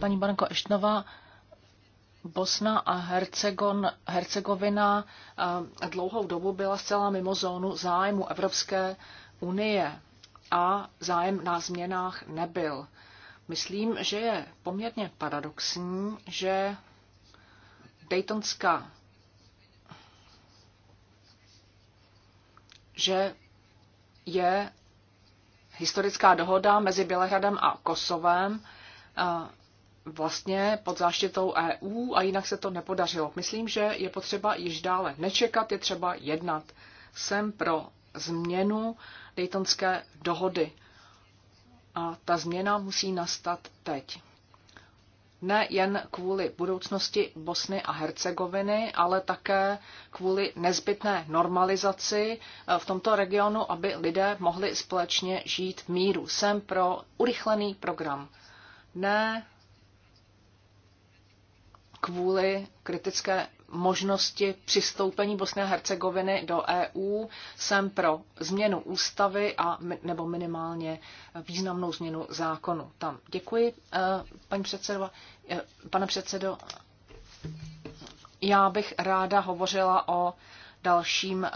Speaker 2: Paní Baranko Eštnova, Bosna a Hercegon, Hercegovina dlouhou dobu byla zcela mimo zónu zájmu Evropské unie a zájem na změnách nebyl. Myslím, že je poměrně paradoxní, že Daytonská, že je historická dohoda mezi Bělehradem a Kosovem vlastně pod záštitou EU a jinak se to nepodařilo. Myslím, že je potřeba již dále nečekat, je třeba jednat. Jsem pro změnu Daytonské dohody. A ta změna musí nastat teď nejen kvůli budoucnosti Bosny a Hercegoviny, ale také kvůli nezbytné normalizaci eh, v tomto regionu, aby lidé mohli společně žít v míru. Jsem pro urychlený program. Ne kvůli kritické možnosti přistoupení Bosny a Hercegoviny do EU. Jsem pro změnu ústavy a nebo minimálně významnou změnu zákonu. Tam děkuji, eh, paní předsedo, eh, pane předsedo. Já bych ráda hovořila o dalším eh,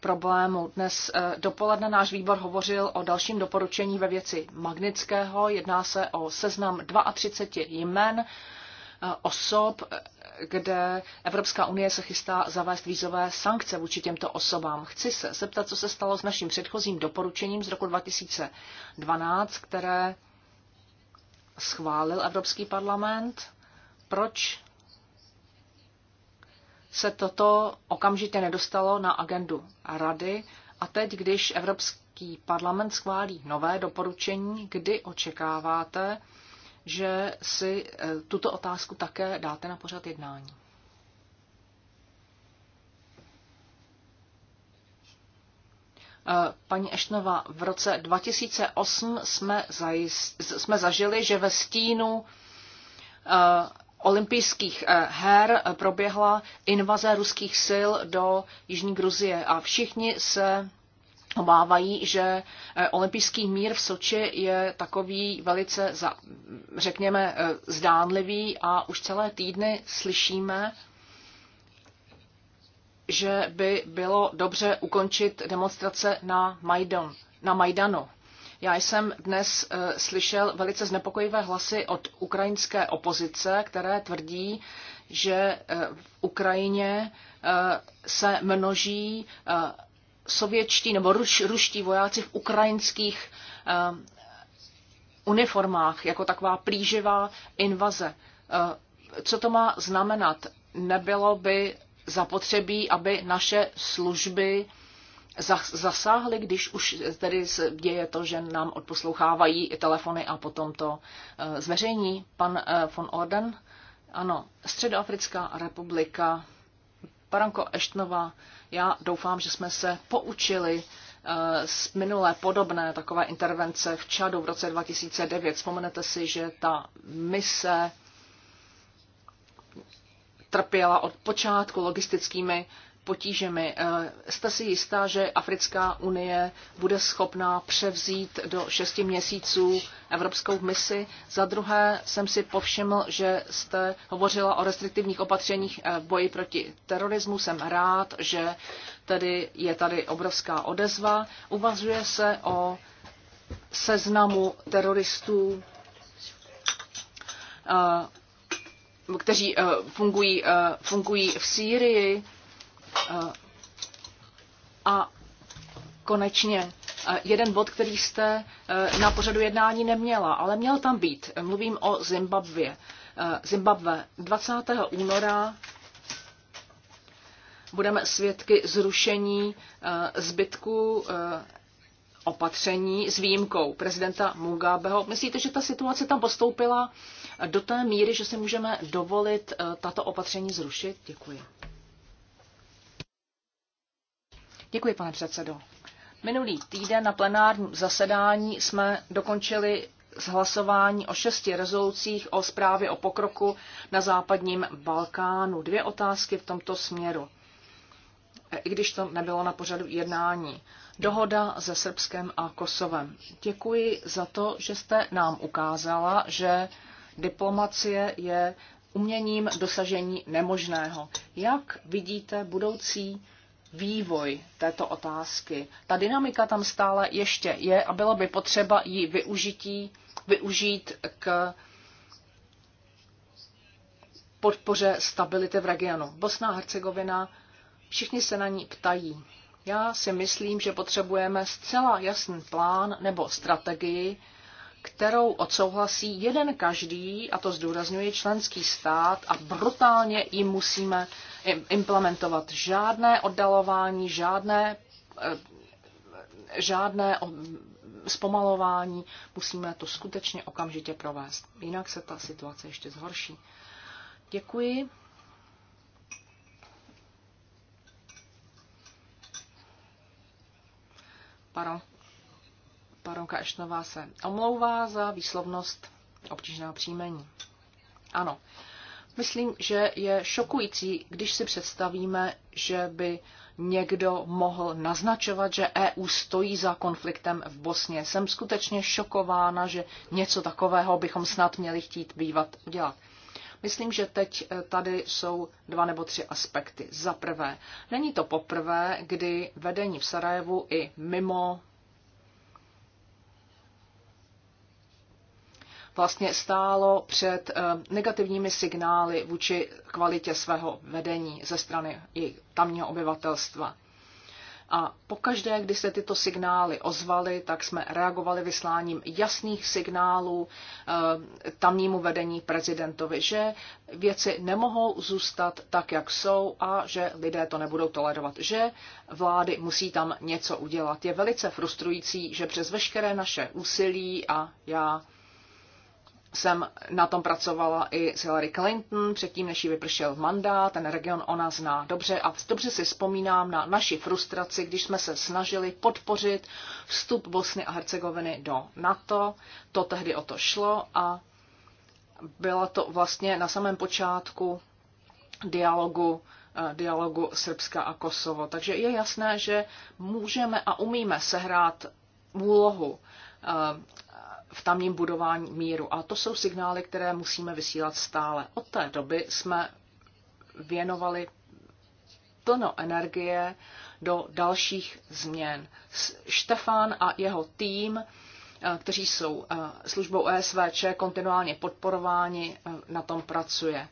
Speaker 2: problému. Dnes dopoledne náš výbor hovořil o dalším doporučení ve věci Magnického. Jedná se o seznam 32 jmen osob, kde Evropská unie se chystá zavést vízové sankce vůči těmto osobám. Chci se zeptat, co se stalo s naším předchozím doporučením z roku 2012, které schválil Evropský parlament. Proč se toto okamžitě nedostalo na agendu rady a teď, když Evropský parlament schválí nové doporučení, kdy očekáváte, že si eh, tuto otázku také dáte na pořad jednání. Eh, paní Eštnova, v roce 2008 jsme, zajist, jsme zažili, že ve stínu eh, olympijských her proběhla invaze ruských sil do Jižní Gruzie a všichni se obávají, že eh, olympijský mír v Soči je takový velice, za, řekněme, eh, zdánlivý a už celé týdny slyšíme, že by bylo dobře ukončit demonstrace na, Majdan, na Majdanu. Já jsem dnes eh, slyšel velice znepokojivé hlasy od ukrajinské opozice, které tvrdí, že v Ukrajině se množí sovětští nebo ruš, ruští vojáci v ukrajinských uh, uniformách jako taková plíživá invaze. Uh, co to má znamenat? Nebylo by zapotřebí, aby naše služby zasáhly, když už tedy děje to, že nám odposlouchávají telefony a potom to eh, zveřejní pan von Orden. Ano, Středoafrická republika Paranko Eštnova, já doufám, že jsme se poučili eh, z minulé podobné takové intervence v Čadu v roce 2009. Vzpomenete si, že ta mise trpěla od počátku logistickými potížemi. Eh, jste si jistá, že Africká unie bude schopná převzít do šesti měsíců evropskou misi? Za druhé jsem si povšiml, že jste hovořila o restriktivních opatřeních eh, v boji proti terorismu. Jsem rád, že tedy je tady obrovská odezva. Uvažuje se o seznamu teroristů eh, kteří fungují, fungují v Sýrii, a konečně eh, jeden bod, který jste eh, na pořadu jednání neměla, ale měl tam být. Mluvím o Zimbabvě. Eh, Zimbabve 20. února budeme svědky zrušení zbytku opatření s výjimkou prezidenta Mugabeho. Myslíte, že ta situace tam postoupila do té míry, že si můžeme dovolit tato opatření zrušit? Děkuji. Děkuji, pane předsedo. Minulý týden na plenárním zasedání jsme dokončili hlasování o šesti rezolucích o zprávě o pokroku na západním Balkánu. Dvě otázky v tomto směru, i když to nebylo na pořadu jednání. Dohoda se Srbskem a Kosovem. Děkuji za to, že jste nám ukázala, že diplomacie je uměním dosažení nemožného. Jak vidíte budoucí vývoj této otázky. Ta dynamika tam stále ještě je a bylo by potřeba ji využití, využít k podpoře stability v regionu. Bosna a Hercegovina, všichni se na ní ptají. Já si myslím, že potřebujeme zcela jasný plán nebo strategii, kterou odsouhlasí jeden každý, a to zdůrazňuje členský stát, a brutálně ji musíme implementovat. Žádné oddalování, žádné, eh, žádné zpomalování, musíme to skutečně okamžitě provést. Jinak se ta situace ještě zhorší. Děkuji. Pardon, Baronka Ešnová se omlouvá za výslovnost obtížného příjmení. Ano, myslím, že je šokující, když si představíme, že by někdo mohl naznačovat, že EU stojí za konfliktem v Bosně. Jsem skutečně šokována, že něco takového bychom snad měli chtít bývat udělat. Myslím, že teď eh, tady jsou dva nebo tři aspekty. Za prvé, není to poprvé, kdy vedení v Sarajevu i mimo vlastně stálo před eh, negativními signály vůči kvalitě svého vedení ze strany i tamního obyvatelstva. A pokaždé, když se tyto signály ozvaly, tak jsme reagovali vysláním jasných signálů eh, tamnímu vedení prezidentovi, že věci nemohou zůstat tak, jak jsou a že lidé to nebudou tolerovat, že vlády musí tam něco udělat. Je velice frustrující, že přes veškeré naše úsilí a já jsem na tom pracovala i s Hillary Clinton, předtím, než jí vypršel mandát, ten region ona zná dobře a dobře si vzpomínám na naši frustraci, když jsme se snažili podpořit vstup Bosny a Hercegoviny do NATO, to tehdy o to šlo a byla to vlastně na samém počátku dialogu eh, dialogu Srbska a Kosovo. Takže je jasné, že můžeme a umíme sehrát úlohu eh, v tamním budování míru. A to jsou signály, které musíme vysílat stále. Od té doby jsme věnovali plno energie do dalších změn. Štefan a jeho tým, eh, kteří jsou eh, službou ESVČ kontinuálně podporováni, eh, na tom pracuje.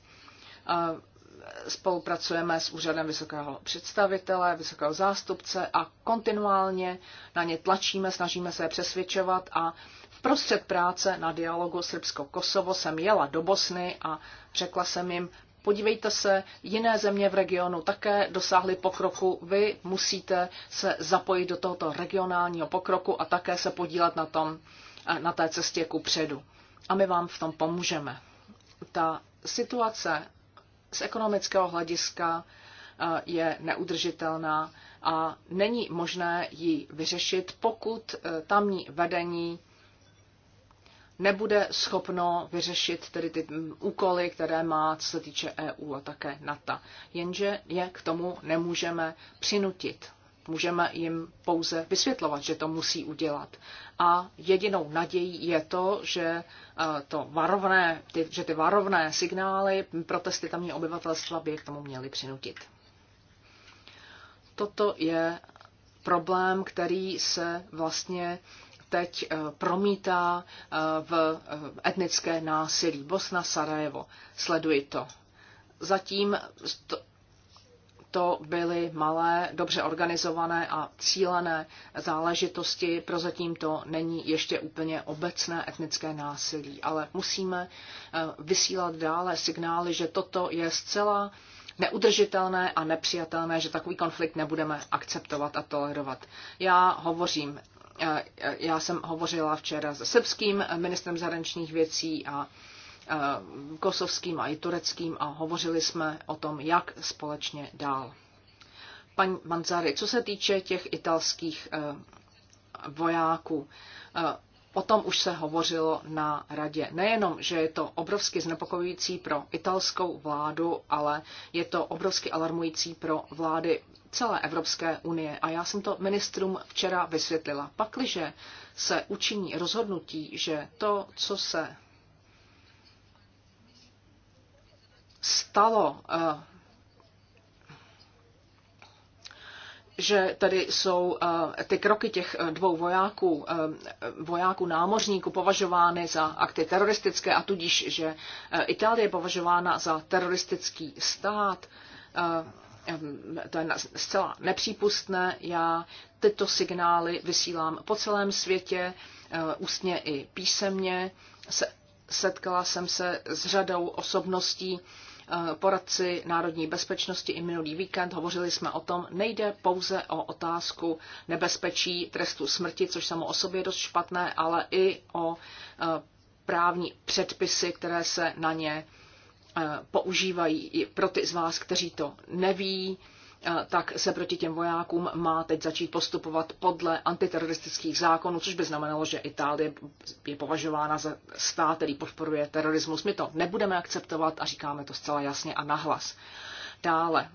Speaker 2: Spolupracujeme s úřadem vysokého představitele, vysokého zástupce a kontinuálně na ně tlačíme, snažíme se je přesvědčovat a Vprostřed práce na dialogu Srbsko-Kosovo jsem jela do Bosny a řekla jsem jim, podívejte se, jiné země v regionu také dosáhly pokroku, vy musíte se zapojit do tohoto regionálního pokroku a také se podílet na, tom, eh, na té cestě ku předu. A my vám v tom pomůžeme. Ta situace z ekonomického hlediska eh, je neudržitelná a není možné ji vyřešit, pokud eh, tamní vedení nebude schopno vyřešit tedy ty úkoly, které má, co se týče EU a také NATO. Jenže je k tomu nemůžeme přinutit. Můžeme jim pouze vysvětlovat, že to musí udělat. A jedinou nadějí je to, že, eh, to varovné, ty, že ty varovné signály protesty tamní obyvatelstva by je k tomu měly přinutit. Toto je problém, který se vlastně teď eh, promítá eh, v eh, etnické násilí. Bosna, Sarajevo, sleduji to. Zatím to byly malé, dobře organizované a cílené záležitosti. Prozatím to není ještě úplně obecné etnické násilí, ale musíme vysílat dále signály, že toto je zcela neudržitelné a nepřijatelné, že takový konflikt nebudeme akceptovat a tolerovat. Já hovořím já jsem hovořila včera se srbským ministrem zahraničních věcí a kosovským a i tureckým a hovořili jsme o tom, jak společně dál. Paní Manzary, co se týče těch italských eh, vojáků, eh, O tom už se hovořilo na radě. Nejenom, že je to obrovsky znepokojující pro italskou vládu, ale je to obrovsky alarmující pro vlády celé Evropské unie. A já jsem to ministrům včera vysvětlila. Pakliže se učiní rozhodnutí, že to, co se stalo eh, že tady jsou eh, ty kroky těch eh, dvou vojáků, eh, vojáků námořníků považovány za akty teroristické a tudíž, že Itálie je považována za teroristický stát, to je zcela nepřípustné. Já tyto signály vysílám po celém světě, ústně i písemně. Setkala jsem se s řadou osobností, Eh, poradci národní bezpečnosti i minulý víkend hovořili jsme o tom, nejde pouze o otázku nebezpečí trestu smrti, což samo o sobě je dost špatné, ale i o eh, právní předpisy, které se na ně eh, používají. I pro ty z vás, kteří to neví, tak se proti těm vojákům má teď začít postupovat podle antiteroristických zákonů, což by znamenalo, že Itálie je považována za stát, který podporuje terorismus. My to nebudeme akceptovat a říkáme to zcela jasně a nahlas. Dále,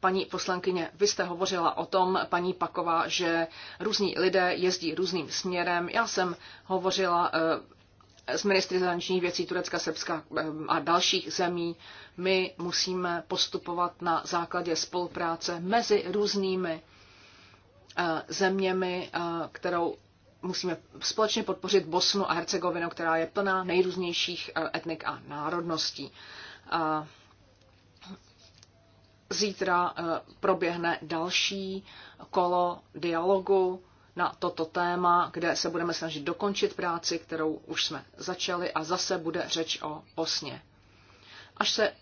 Speaker 2: Paní poslankyně, vy jste hovořila o tom, paní Paková, že různí lidé jezdí různým směrem. Já jsem hovořila eh, s ministry zahraničních věcí Turecka, Srbska a dalších zemí, my musíme postupovat na základě spolupráce mezi různými eh, zeměmi, eh, kterou musíme společně podpořit Bosnu a Hercegovinu, která je plná nejrůznějších eh, etnik a národností. Zítra proběhne další kolo dialogu na toto téma, kde se budeme snažit dokončit práci, kterou už jsme začali a zase bude řeč o Bosně. Až se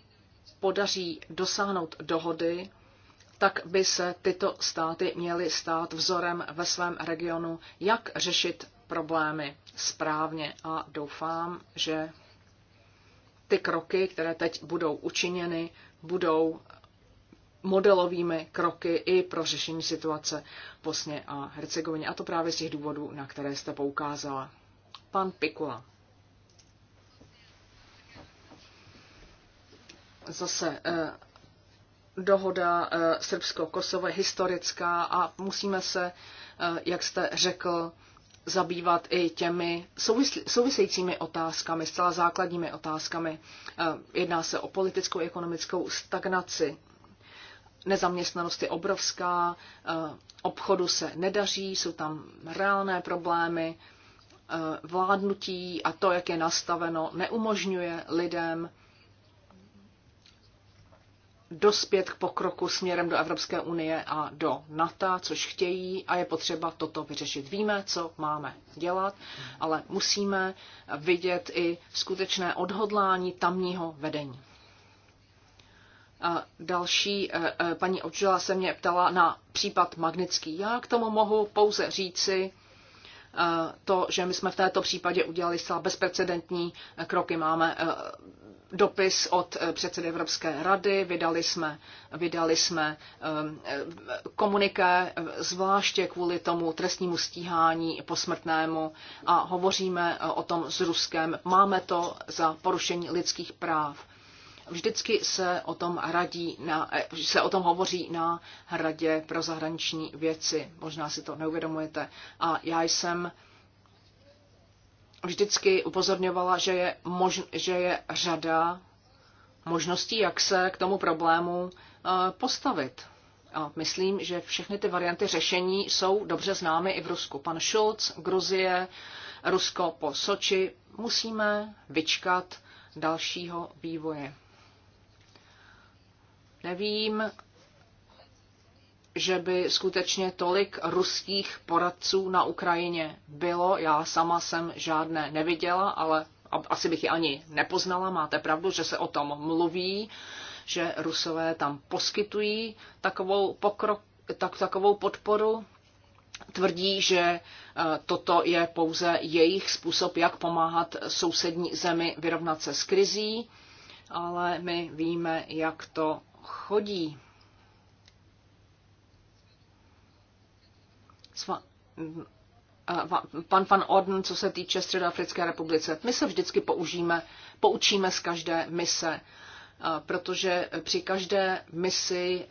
Speaker 2: podaří dosáhnout dohody, tak by se tyto státy měly stát vzorem ve svém regionu, jak řešit problémy správně a doufám, že ty kroky, které teď budou učiněny, budou modelovými kroky i pro řešení situace v Bosně a Hercegovině. A to právě z těch důvodů, na které jste poukázala. Pan Pikula. Zase eh, dohoda eh, Srbsko-Kosovo je historická a musíme se, eh, jak jste řekl, zabývat i těmi souvisejícími otázkami, zcela základními otázkami. Eh, jedná se o politickou, ekonomickou stagnaci Nezaměstnanost je obrovská, eh, obchodu se nedaří, jsou tam reálné problémy, eh, vládnutí a to, jak je nastaveno, neumožňuje lidem dospět k pokroku směrem do Evropské unie a do NATO, což chtějí a je potřeba toto vyřešit. Víme, co máme dělat, ale musíme vidět i skutečné odhodlání tamního vedení. Další e, e, paní Odžela se mě ptala na případ Magnický. Já k tomu mohu pouze říci e, to, že my jsme v této případě udělali zcela bezprecedentní kroky. Máme dopis od předsedy Evropské rady, vydali jsme, vydali jsme komuniké zvláště kvůli tomu trestnímu stíhání posmrtnému a hovoříme o tom s Ruskem. Máme to za porušení lidských práv. Vždycky se o tom, radí na, eh, se o tom hovoří na Radě pro zahraniční věci. Možná si to neuvědomujete. A já jsem vždycky upozorňovala, že je, mož, že je řada možností, jak se k tomu problému eh, postavit. A myslím, že všechny ty varianty řešení jsou dobře známy i v Rusku. Pan Schulz, Gruzie, Rusko po Soči. Musíme vyčkat dalšího vývoje. Nevím, že by skutečně tolik ruských poradců na Ukrajině bylo. Já sama jsem žádné neviděla, ale asi bych ji ani nepoznala. Máte pravdu, že se o tom mluví, že rusové tam poskytují takovou, pokrok, tak, takovou podporu. Tvrdí, že e, toto je pouze jejich způsob, jak pomáhat sousední zemi vyrovnat se s krizí, ale my víme, jak to chodí. Sva, pan Van Orden, co se týče Středoafrické republice. My se vždycky použijeme, poučíme z každé mise, protože při každé misi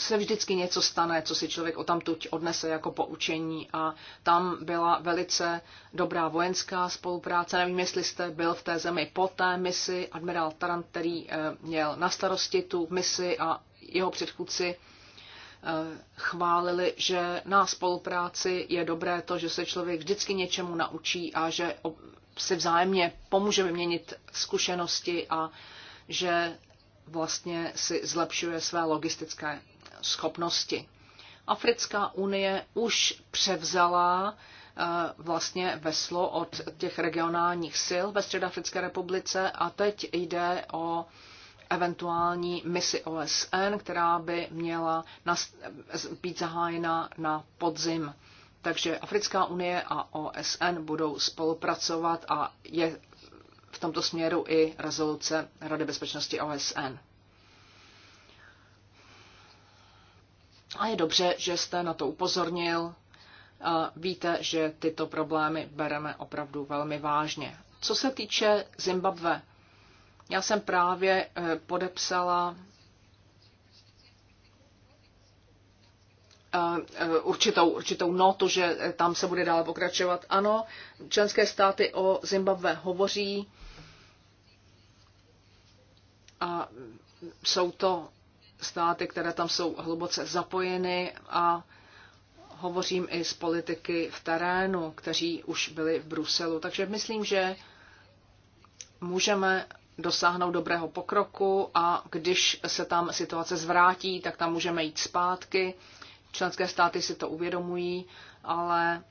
Speaker 2: se vždycky něco stane, co si člověk o tamtuť odnese jako poučení a tam byla velice dobrá vojenská spolupráce. Nevím, jestli jste byl v té zemi po té misi. Admirál Tarant, který eh, měl na starosti tu misi a jeho předchůdci eh, chválili, že na spolupráci je dobré to, že se člověk vždycky něčemu naučí a že si vzájemně pomůže vyměnit zkušenosti a že vlastně si zlepšuje své logistické schopnosti. Africká unie už převzala eh, vlastně veslo od těch regionálních sil ve Středoafrické republice a teď jde o eventuální misi OSN, která by měla být zahájena na podzim. Takže Africká unie a OSN budou spolupracovat a je v tomto směru i rezoluce Rady bezpečnosti OSN. A je dobře, že jste na to upozornil. Víte, že tyto problémy bereme opravdu velmi vážně. Co se týče Zimbabve, já jsem právě eh, podepsala eh, eh, určitou, určitou notu, že tam se bude dále pokračovat. Ano, členské státy o Zimbabve hovoří a jsou to státy, které tam jsou hluboce zapojeny a hovořím i s politiky v terénu, kteří už byli v Bruselu. Takže myslím, že můžeme dosáhnout dobrého pokroku a když se tam situace zvrátí, tak tam můžeme jít zpátky. Členské státy si to uvědomují, ale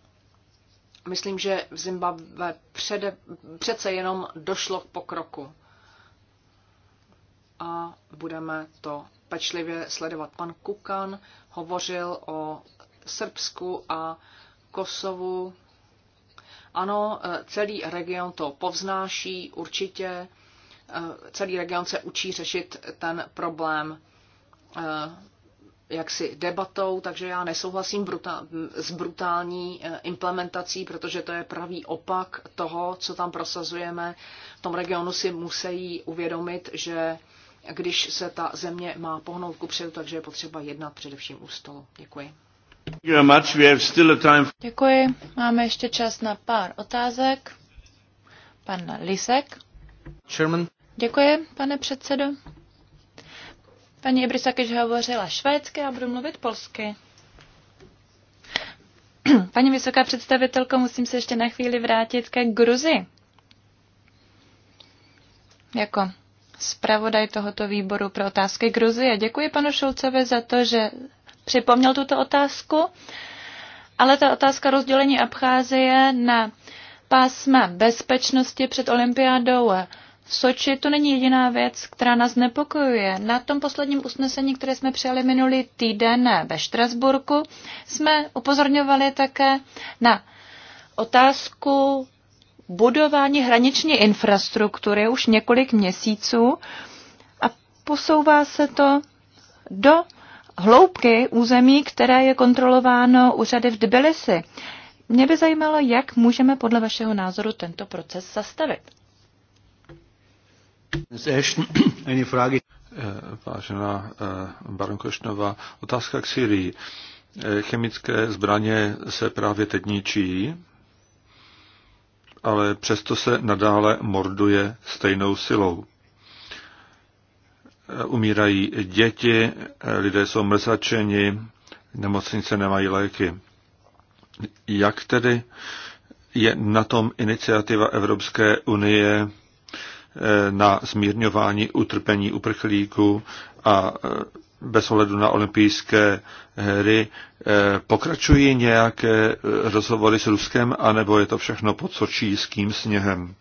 Speaker 2: myslím, že v Zimbabwe přede, přece jenom došlo k pokroku. A budeme to pečlivě sledovat. Pan Kukan hovořil o Srbsku a Kosovu. Ano, e, celý region to povznáší určitě. E, celý region se učí řešit ten problém e, jaksi debatou, takže já nesouhlasím brutál, s brutální implementací, protože to je pravý opak toho, co tam prosazujeme. V tom regionu si musí uvědomit, že když se ta země má pohnout ku předu, takže je potřeba jednat především u stolu. Děkuji.
Speaker 3: Děkuji. Máme ještě čas na pár otázek. Pan Lisek. Chairman. Děkuji, pane předsedo. Paní Ibrisak již hovořila švédsky a budu mluvit polsky. <clears throat> Paní vysoká představitelko, musím se ještě na chvíli vrátit ke Gruzi. Jako zpravodaj tohoto výboru pro otázky Gruzie. Děkuji panu Šulcovi za to, že připomněl tuto otázku, ale ta otázka rozdělení Abcházie na pásma bezpečnosti před olympiádou v Soči to není jediná věc, která nás nepokojuje. Na tom posledním usnesení, které jsme přijali minulý týden ve Štrasburku, jsme upozorňovali také na otázku budování hraniční infrastruktury už několik měsíců a posouvá se to do hloubky území, které je kontrolováno úřady v Tbilisi. Mě by zajímalo, jak můžeme podle vašeho názoru tento proces zastavit.
Speaker 1: Eh, vážená eh, baronko Šnova, otázka k Syrii. Eh, chemické zbraně se právě teď ničí ale přesto se nadále morduje stejnou silou. Umírají děti, lidé jsou mrzačeni, nemocnice nemají léky. Jak tedy je na tom iniciativa Evropské unie eh, na zmírňování utrpení uprchlíků a eh, bez ohledu na olympijské hry, eh, pokračují nějaké eh, rozhovory s Ruskem, anebo je to všechno pod sočíským sněhem?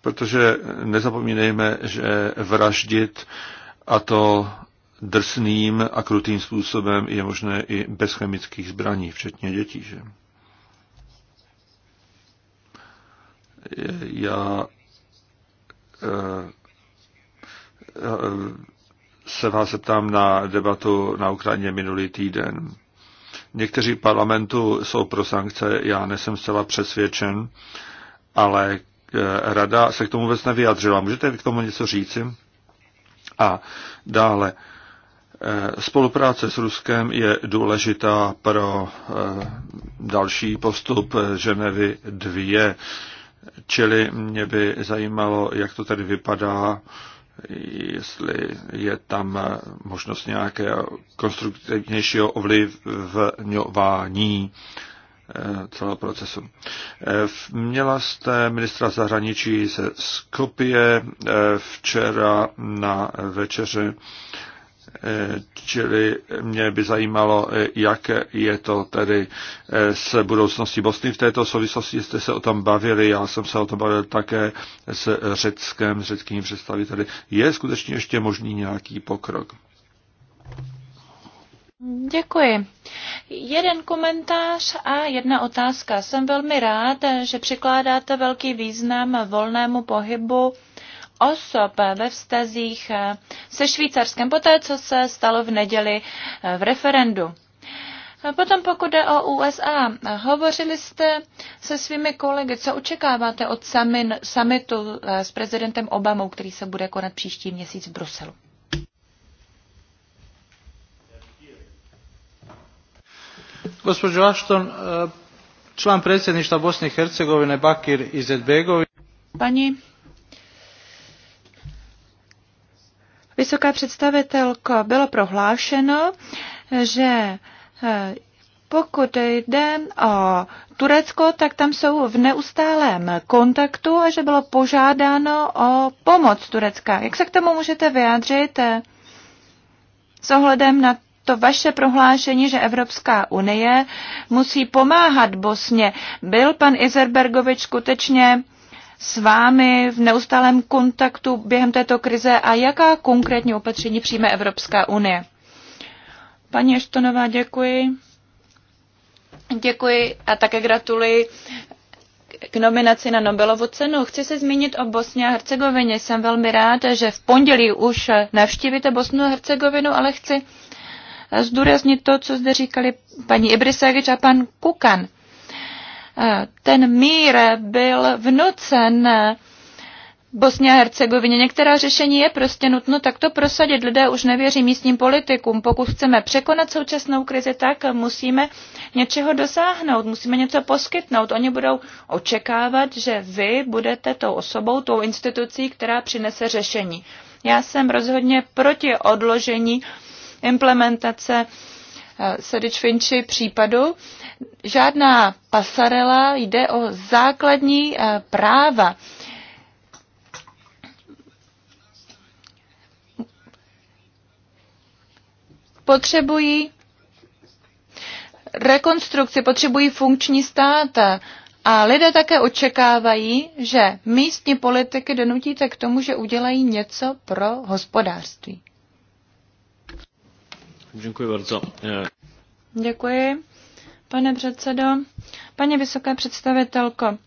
Speaker 1: Protože nezapomínejme, že vraždit a to drsným a krutým způsobem je možné i bez chemických zbraní, včetně dětí. Že? Já eh, se vás zeptám na debatu na Ukrajině minulý týden. Někteří parlamentu jsou pro sankce, já nesem zcela přesvědčen, ale e, rada se k tomu vůbec nevyjadřila. Můžete k tomu něco říci? A dále, e, spolupráce s Ruskem je důležitá pro e, další postup Ženevy 2. Čili mě by zajímalo, jak to tady vypadá jestli je tam možnost nějaké konstruktivnějšího ovlivňování eh, celého procesu. Eh, měla jste ministra zahraničí ze Skopie eh, včera na večeři Čili mě by zajímalo, jak je to tedy eh, s budoucností Bosny. V této souvislosti jste se o tom bavili, já jsem se o tom bavil také s řeckém, řeckými představiteli. Je skutečně ještě možný nějaký pokrok?
Speaker 3: Děkuji. Jeden komentář a jedna otázka. Jsem velmi rád, že přikládáte velký význam volnému pohybu osob ve vztazích eh, se Švýcarskem, poté co se stalo v neděli eh, v referendu. Potom pokud jde o USA, hovořili jste se svými kolegy, co očekáváte od summit, summitu eh, s prezidentem Obamou, který se bude konat příští měsíc v Bruselu? Gospođo Ashton, člán predsjedništva Bosne i
Speaker 1: Hercegovine Bakir Izetbegovi.
Speaker 3: Pani Vysoká představitelko, bylo prohlášeno, že eh, pokud jde o Turecko, tak tam jsou v neustálém kontaktu a že bylo požádáno o pomoc Turecka. Jak se k tomu můžete vyjádřit eh, s ohledem na to vaše prohlášení, že Evropská unie musí pomáhat Bosně? Byl pan Izerbergovič skutečně s vámi v neustálém kontaktu během této krize a jaká konkrétní opatření přijme Evropská unie? Paní Eštonová, děkuji. Děkuji a také gratuluji k nominaci na Nobelovu cenu. Chci se zmínit o Bosně a Hercegovině. Jsem velmi rád, že v pondělí už navštívíte Bosnu a Hercegovinu, ale chci zdůraznit to, co zde říkali paní Ibrisagič a pan Kukan. Eh, ten mír byl vnucen Bosně a Hercegovině. Některá řešení je prostě nutno takto prosadit. Lidé už nevěří místním politikům. Pokud chceme překonat současnou krizi, tak musíme něčeho dosáhnout, musíme něco poskytnout. Oni budou očekávat, že vy budete tou osobou, tou institucí, která přinese řešení. Já jsem rozhodně proti odložení implementace uh, Eh, Sedič Finči případu, žádná pasarela jde o základní eh, práva. Potřebují rekonstrukci, potřebují funkční stát a lidé také očekávají, že místní politiky donutíte k tomu, že udělají něco pro hospodářství.
Speaker 2: Děkuji bardzo.
Speaker 3: Děkuji, pane předsedo. Paní vysoká představitelko,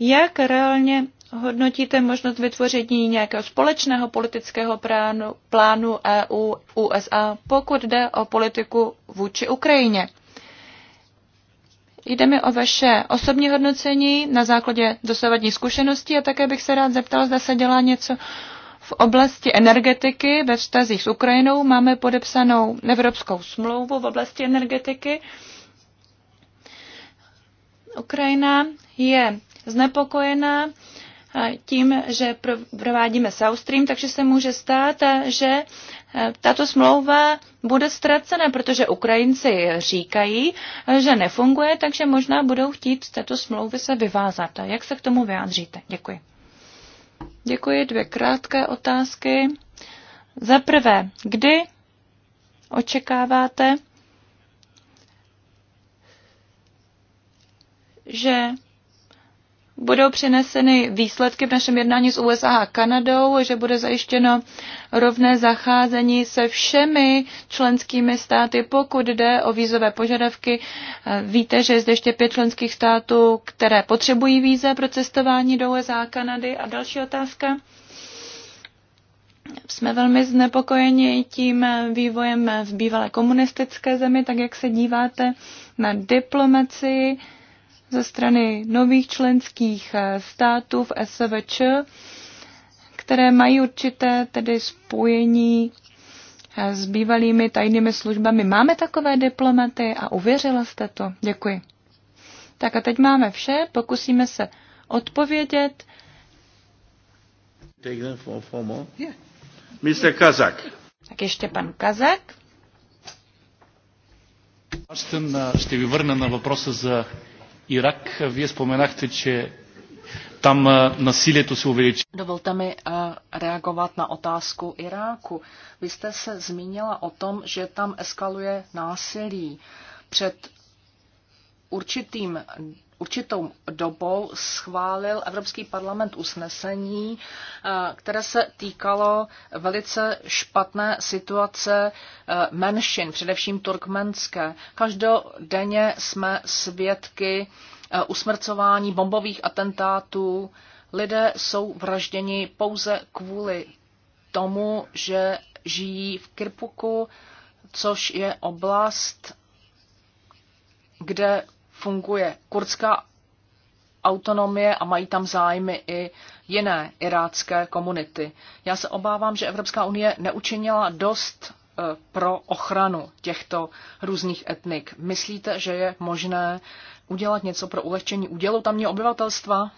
Speaker 3: jak reálně hodnotíte možnost vytvoření nějakého společného politického plánu, plánu EU-USA, pokud jde o politiku vůči Ukrajině? Jde mi o vaše osobní hodnocení na základě dosavadní zkušenosti a také bych se rád zeptal, zda se dělá něco v oblasti energetiky ve vztazích s Ukrajinou máme podepsanou Evropskou smlouvu v oblasti energetiky. Ukrajina je znepokojená eh, tím, že provádíme South Stream, takže se může stát, eh, že eh, tato smlouva bude ztracena, protože Ukrajinci říkají, že nefunguje, takže možná budou chtít z této smlouvy se vyvázat. Jak se k tomu vyjádříte? Děkuji. Děkuji. Dvě krátké otázky. Za prvé, kdy očekáváte, že budou přeneseny výsledky v našem jednání s USA a Kanadou, že bude zajištěno rovné zacházení se všemi členskými státy, pokud jde o vízové požadavky. Eh, Víte, že je zde ještě pět členských států, které potřebují víze pro cestování do USA a Kanady. A další otázka. Jsme velmi znepokojeni tím vývojem v bývalé komunistické zemi, tak jak se díváte na diplomacii ze strany nových členských eh, států v SVČ, které mají určité tedy spojení eh, s bývalými tajnými službami. Máme takové diplomaty a uvěřila jste to? Děkuji. Tak a teď máme vše, pokusíme se odpovědět.
Speaker 1: Mr. Kazak.
Speaker 3: Tak ještě pan Kazak.
Speaker 1: Аз ще ви върна на въпроса за Ирак, вие споменахте, že tam насилието eh, se увеличи.
Speaker 2: Dovolte mi eh, reagovat na otázku Iráku. Vy jste se zmínila o tom, že tam eskaluje násilí. Před určitým určitou dobou schválil Evropský parlament usnesení, eh, které se týkalo velice špatné situace eh, menšin, především turkmenské. Každodenně jsme svědky eh, usmrcování bombových atentátů. Lidé jsou vražděni pouze kvůli tomu, že žijí v Kirpuku, což je oblast, kde funguje kurdská autonomie a mají tam zájmy i jiné irácké komunity. Já se obávám, že Evropská unie neučinila dost eh, pro ochranu těchto různých etnik. Myslíte, že je možné udělat něco pro ulehčení údělu tamního obyvatelstva?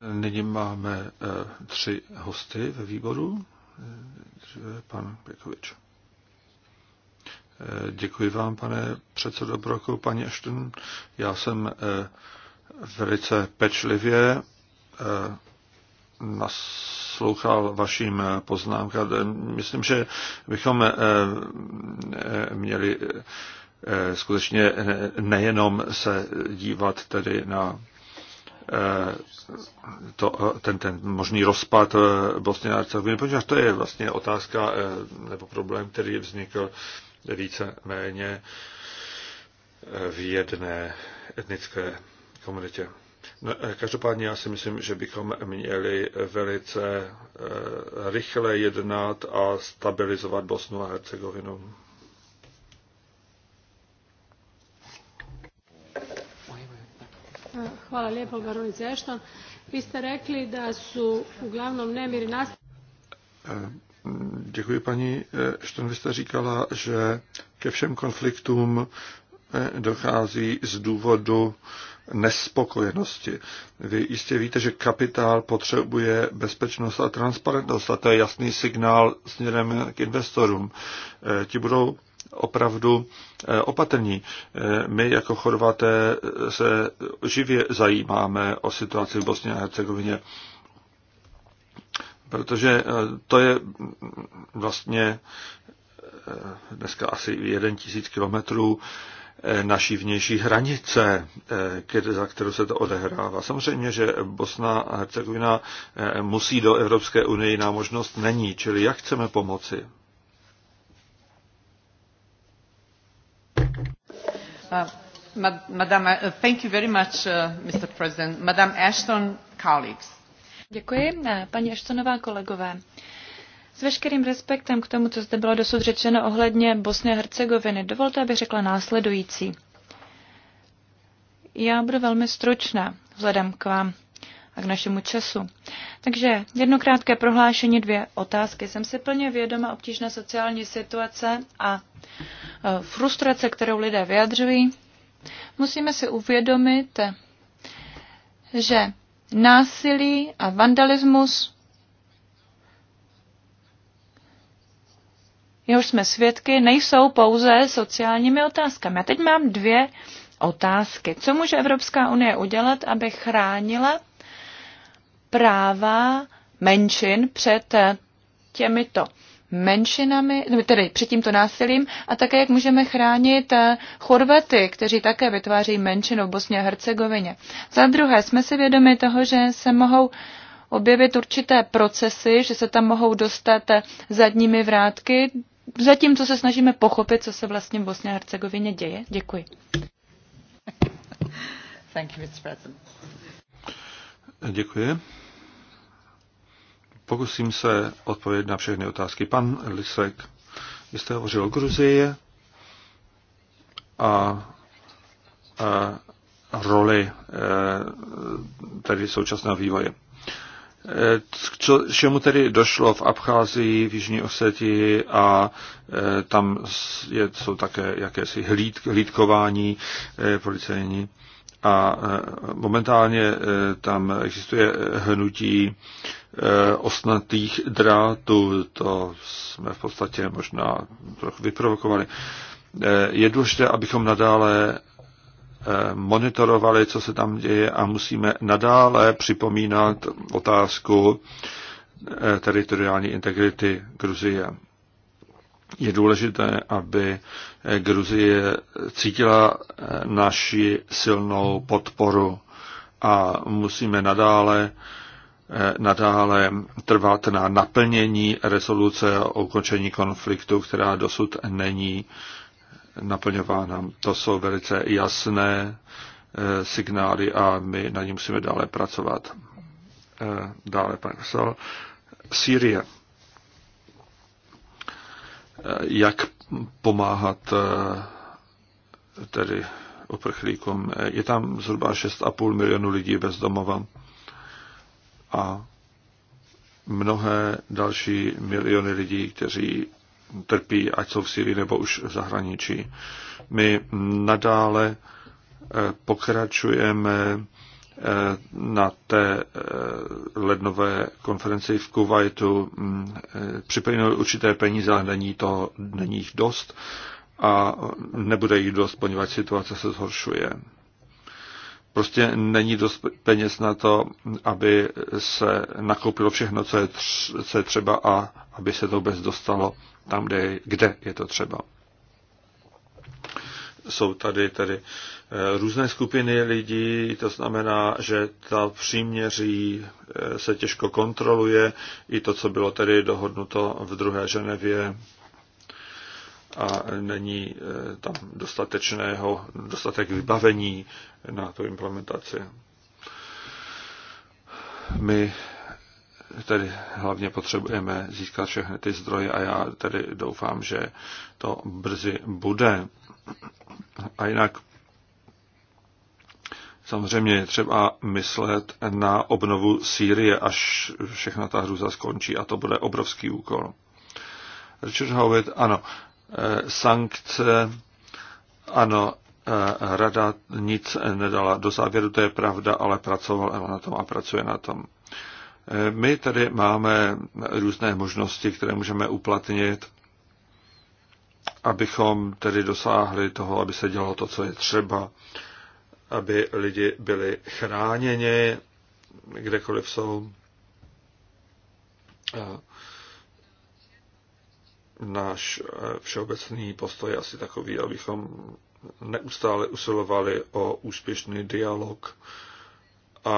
Speaker 1: Nyní máme eh, tři hosty ve výboru. Eh, pan Pěkovič. Eh, děkuji vám, pane předsedo Broku, paní Ashton. Já jsem eh, velice pečlivě eh, naslouchal vašim poznámkám. Myslím, že bychom měli skutečně nejenom se dívat tedy na to, ten, ten možný rozpad Bosny a Hercegoviny, protože to je vlastně otázka nebo problém, který vznikl více méně eh, v jedné etnické komunitě. No, eh, každopádně já si myslím, že bychom měli velice eh, rychle jednat a stabilizovat Bosnu a Hercegovinu.
Speaker 3: Hvala lijepo, Baronice Ešton. Vi ste rekli da su uglavnom nemiri
Speaker 1: nastavili... Děkuji, paní eh, Šton, vy jste říkala, že ke všem konfliktům eh, dochází z důvodu nespokojenosti. Vy jistě víte, že kapitál potřebuje bezpečnost a transparentnost a to je jasný signál směrem k investorům. Eh, ti budou opravdu opatrní. My jako Chorvaté se živě zajímáme o situaci v Bosně a Hercegovině protože eh, to je mm, vlastně eh, dneska asi jeden tisíc kilometrů eh, naší vnější hranice, za kterou se to odehrává. Samozřejmě, že Bosna a Hercegovina musí do Evropské unie, jiná možnost není, čili jak chceme pomoci?
Speaker 2: Uh, madame, uh, thank you very much, uh, Mr. President. Madame Ashton, colleagues.
Speaker 3: Děkuji. Eh, paní Eštonová, kolegové. S veškerým respektem k tomu, co zde bylo dosud řečeno ohledně Bosny a Hercegoviny, dovolte, abych řekla následující. Já budu velmi stručná vzhledem k vám a k našemu času. Takže jedno krátké prohlášení, dvě otázky. Jsem si plně vědoma obtížné sociální situace a eh, frustrace, kterou lidé vyjadřují. Musíme si uvědomit, že násilí a vandalismus, jehož jsme svědky, nejsou pouze sociálními otázkami. A teď mám dvě otázky. Co může Evropská unie udělat, aby chránila práva menšin před těmito menšinami, no, tedy před tímto násilím a také jak můžeme chránit eh, Chorvaty, kteří také vytváří menšinu v Bosně a Hercegovině. Za druhé, jsme si vědomi toho, že se mohou objevit určité procesy, že se tam mohou dostat eh, zadními vrátky, zatímco se snažíme pochopit, co se vlastně v Bosně a Hercegovině děje. Děkuji. Thank you, Mr.
Speaker 1: President. Děkuji. Pokusím se odpovědět na všechny otázky. Pan Lisek, vy jste hovořil o Gruzii a, a roli e, tedy současného vývoje. E, k čemu tedy došlo v Abcházii, v Jižní Osetii a e, tam je, jsou také jakési hlíd, hlídkování policejní. A momentálně tam existuje hnutí Eh, osnatých drátů. To jsme v podstatě možná trochu vyprovokovali. Eh, je důležité, abychom nadále eh, monitorovali, co se tam děje a musíme nadále připomínat otázku teritoriální integrity Gruzie. Je důležité, aby Gruzie cítila naši silnou podporu a musíme nadále nadále trvat na naplnění rezoluce o ukončení konfliktu, která dosud není naplňována. To jsou velice jasné eh, signály a my na ní musíme dále pracovat. Eh, dále, pan Kosal. Sýrie. Eh, jak pomáhat tedy uprchlíkům? Je tam zhruba 6,5 milionu lidí bez domova a mnohé další miliony lidí, kteří trpí, ať jsou v Syrii nebo už v zahraničí. My nadále eh, pokračujeme eh, na té eh, lednové konferenci v Kuwaitu mm, Připojili určité peníze, ale není, to, není jich dost a nebude jich dost, poněvadž situace se zhoršuje prostě není dost peněz na to, aby se nakoupilo všechno, co je, tř- co je třeba a aby se to vůbec dostalo tam, kde, kde je to třeba. Jsou tady tedy eh, různé skupiny lidí, to znamená, že ta příměří eh, se těžko kontroluje, i to, co bylo tedy dohodnuto v druhé Ženevě, a není eh, tam dostatečného, dostatek vybavení na tu implementaci. My tedy hlavně potřebujeme získat všechny ty zdroje a já tedy doufám, že to brzy bude. A jinak samozřejmě je třeba myslet na obnovu Sýrie, až všechna ta hruza skončí a to bude obrovský úkol. Richard Howitt, ano, Eh, sankce, ano, eh, rada nic nedala do závěru, to je pravda, ale pracoval na tom a pracuje na tom. Eh, my tady máme různé možnosti, které můžeme uplatnit, abychom tedy dosáhli toho, aby se dělalo to, co je třeba, aby lidi byli chráněni, kdekoliv jsou. A náš eh, všeobecný postoj asi takový, abychom neustále usilovali o úspěšný dialog a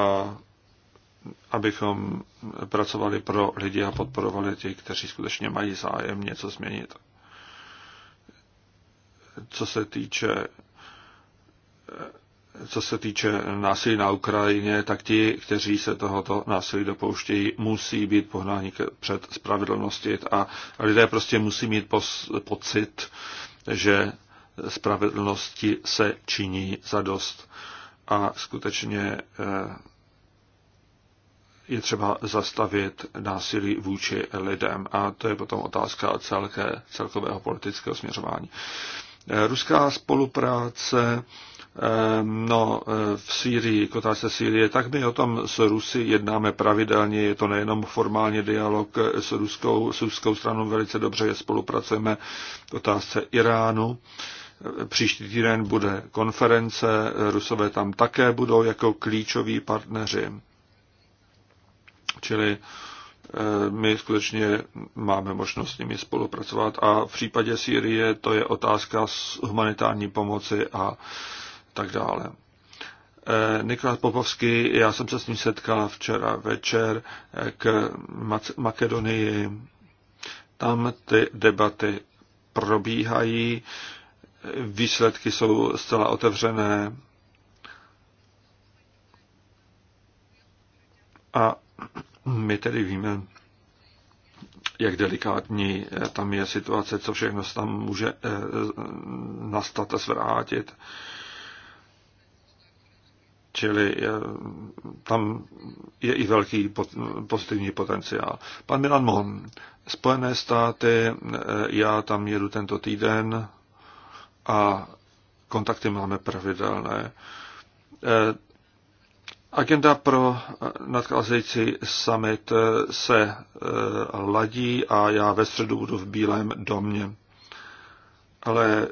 Speaker 1: abychom pracovali pro lidi a podporovali ty, kteří skutečně mají zájem něco změnit. Co se týče eh, co se týče násilí na Ukrajině, tak ti, kteří se tohoto násilí dopouštějí, musí být pohnáni před spravedlnosti a lidé prostě musí mít pocit, že spravedlnosti se činí za dost. A skutečně eh, je třeba zastavit násilí vůči lidem. A to je potom otázka celké, celkového politického směřování. Eh, ruská spolupráce Ehm, no, e, v Sýrii, kotá se Sýrie, tak my o tom s Rusy jednáme pravidelně, je to nejenom formálně dialog s ruskou, s ruskou stranou, velice dobře spolupracujeme v otázce Iránu. E, příští týden bude konference, Rusové tam také budou jako klíčoví partneři. Čili e, my skutečně máme možnost s nimi spolupracovat a v případě Sýrie to je otázka z humanitární pomoci a tak dále. Eh, Niklas Popovský, já jsem se s ním setkal včera večer eh, k Makedonii. Tam ty debaty probíhají, výsledky jsou zcela otevřené. A my tedy víme, jak delikátní eh, tam je situace, co všechno tam může nastat a zvrátit. Čili eh, tam je i velký pozitivní potenciál. Pan Milan Mon, Spojené státy, eh, já tam jedu tento týden a kontakty máme pravidelné. Eh, agenda pro nadcházející summit se ladí a já ve středu budu v Bílém domě. Ale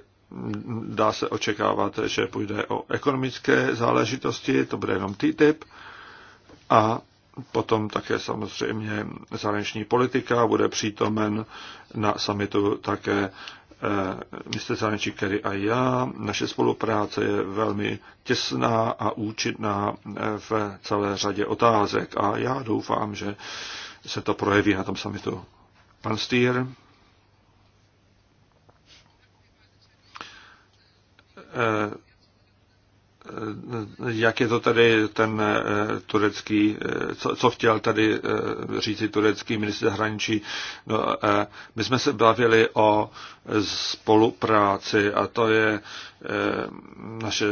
Speaker 1: dá se očekávat, že půjde o ekonomické záležitosti, to bude jenom TTIP. A potom také samozřejmě zahraniční politika, bude přítomen na samitu také eh, Mr. Zahraničí Kerry a já. Naše spolupráce je velmi těsná a účinná eh, v celé řadě otázek a já doufám, že se to projeví na tom samitu. Pan Stýr. Eh, eh, jak je to tady ten eh, turecký, co, co chtěl tady říci turecký minister zahraničí. No, my jsme se bavili o spolupráci a to je naše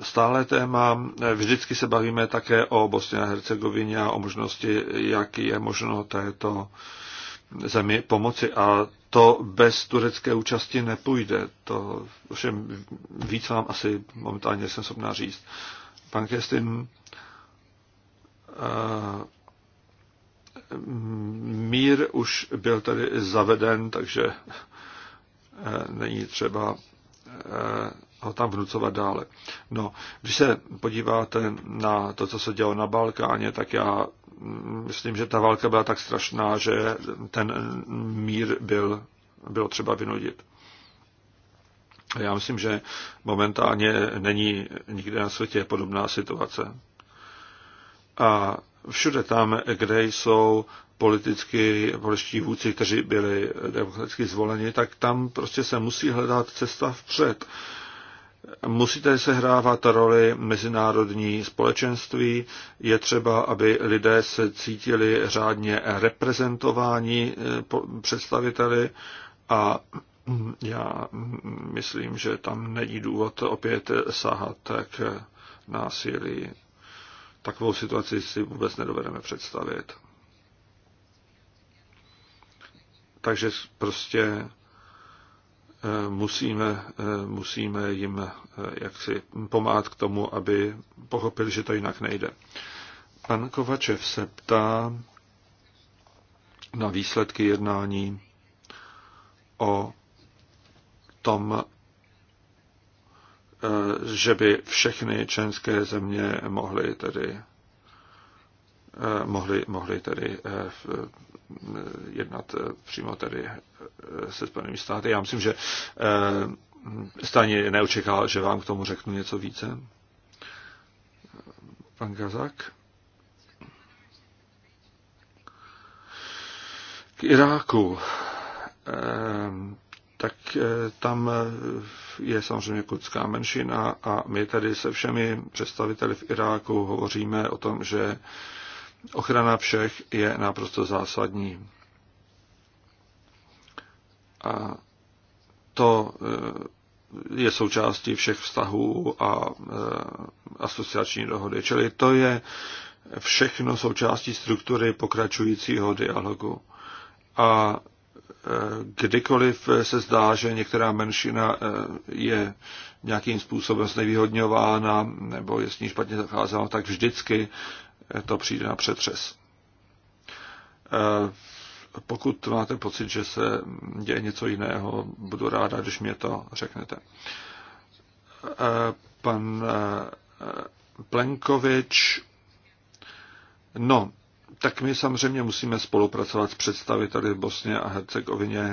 Speaker 1: stále téma. Vždycky se bavíme také o Bosně a Hercegovině a o možnosti, jak je možno této zemi pomoci. A to bez turecké účasti nepůjde. To ovšem víc vám asi momentálně jsem schopná říct. Pan Kestin, eh, mír už byl tady zaveden, takže eh, není třeba eh, ho tam vnucovat dále. No, když se podíváte na to, co se dělo na Balkáně, tak já myslím, že ta válka byla tak strašná, že ten mír byl, bylo třeba vynudit. Já myslím, že momentálně není nikde na světě podobná situace. A všude tam, kde jsou politicky, političtí vůdci, kteří byli demokraticky zvoleni, tak tam prostě se musí hledat cesta vpřed. Musíte hrávat roli mezinárodní společenství. Je třeba, aby lidé se cítili řádně reprezentováni eh, představiteli a já myslím, že tam není důvod opět sahat k násilí. Takovou situaci si vůbec nedovedeme představit. Takže prostě musíme, musíme jim eh, jaksi pomáhat k tomu, aby pochopili, že to jinak nejde. Pan Kovačev se ptá na výsledky jednání o tom, eh, že by všechny členské země mohly tedy Eh, mohli, mohli tedy eh, eh, jednat přímo tedy se Spojenými státy. Já myslím, že stejně neočekával, že vám k tomu řeknu něco více. Pan Kazak. K Iráku. Tak tam je samozřejmě kurdská menšina a my tady se všemi představiteli v Iráku hovoříme o tom, že Ochrana všech je naprosto zásadní. A to eh, je součástí všech vztahů a eh, asociační dohody. Čili to je všechno součástí struktury pokračujícího dialogu. A eh, kdykoliv se zdá, že některá menšina je nějakým způsobem znevýhodňována nebo je s ní špatně zacházeno, tak vždycky to přijde na přetřes. E, pokud máte pocit, že se děje něco jiného, budu ráda, když mě to řeknete. E, pan e, Plenkovič, no, tak my samozřejmě musíme spolupracovat s představiteli v Bosně a Hercegovině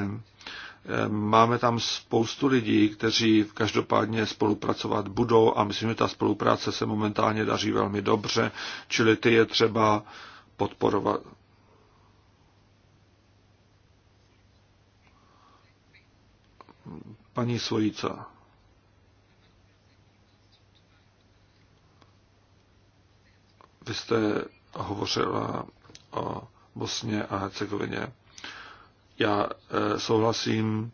Speaker 1: Máme tam spoustu lidí, kteří každopádně spolupracovat budou a myslím, že ta spolupráce se momentálně daří velmi dobře, čili ty je třeba podporovat. Paní Svojica. Vy jste hovořila o Bosně a Hercegovině já eh, souhlasím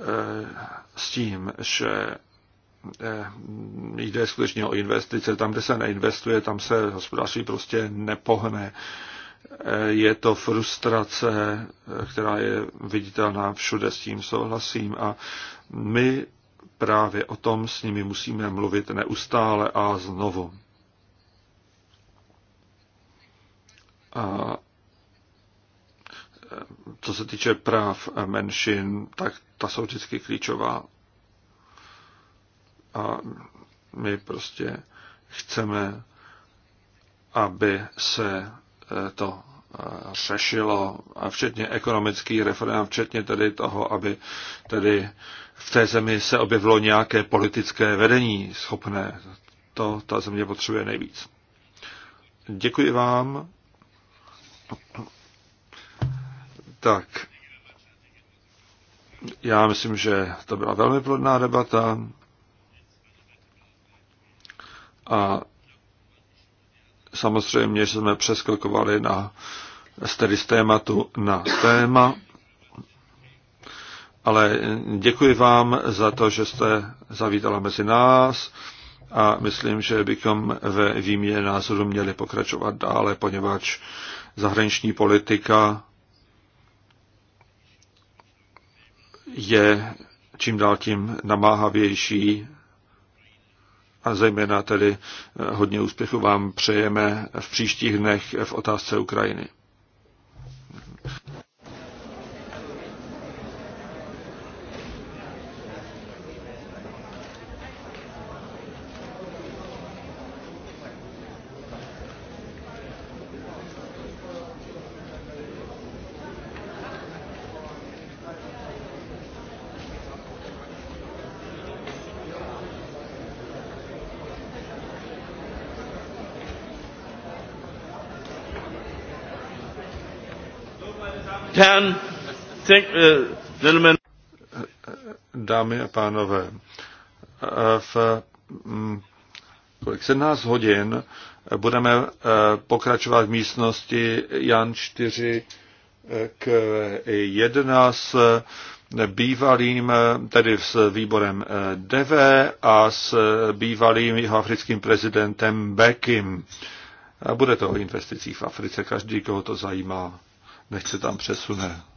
Speaker 1: eh, s tím, že eh, jde skutečně o investice. Tam, kde se neinvestuje, tam se hospodářství prostě nepohne. Je to frustrace, která je viditelná všude, s tím souhlasím. A my právě o tom s nimi musíme mluvit neustále a znovu. A co se týče práv menšin, tak ta jsou vždycky klíčová. A my prostě chceme, aby se eh, to eh, řešilo, a včetně ekonomický referendum včetně tedy toho, aby tedy v té zemi se objevilo nějaké politické vedení schopné. To ta země potřebuje nejvíc. Děkuji vám. Tak, já myslím, že to byla velmi plodná debata a samozřejmě že jsme přeskakovali na, tedy z tématu na téma, ale děkuji vám za to, že jste zavítala mezi nás a myslím, že bychom ve výměně názoru měli pokračovat dále, poněvadž zahraniční politika je čím dál tím namáhavější a zejména tedy eh, hodně úspěchu vám přejeme v příštích dnech v otázce Ukrajiny. Japan. Thank, uh, Gentlemen. Dámy a pánové, v mm, kolik 17 hodin budeme eh, pokračovat v místnosti Jan 4 eh, k 1 s eh, bývalým, tedy s výborem DV a s bývalým jeho africkým prezidentem Bekim. Bude to o investicích v Africe, každý, koho to zajímá se tam přesune.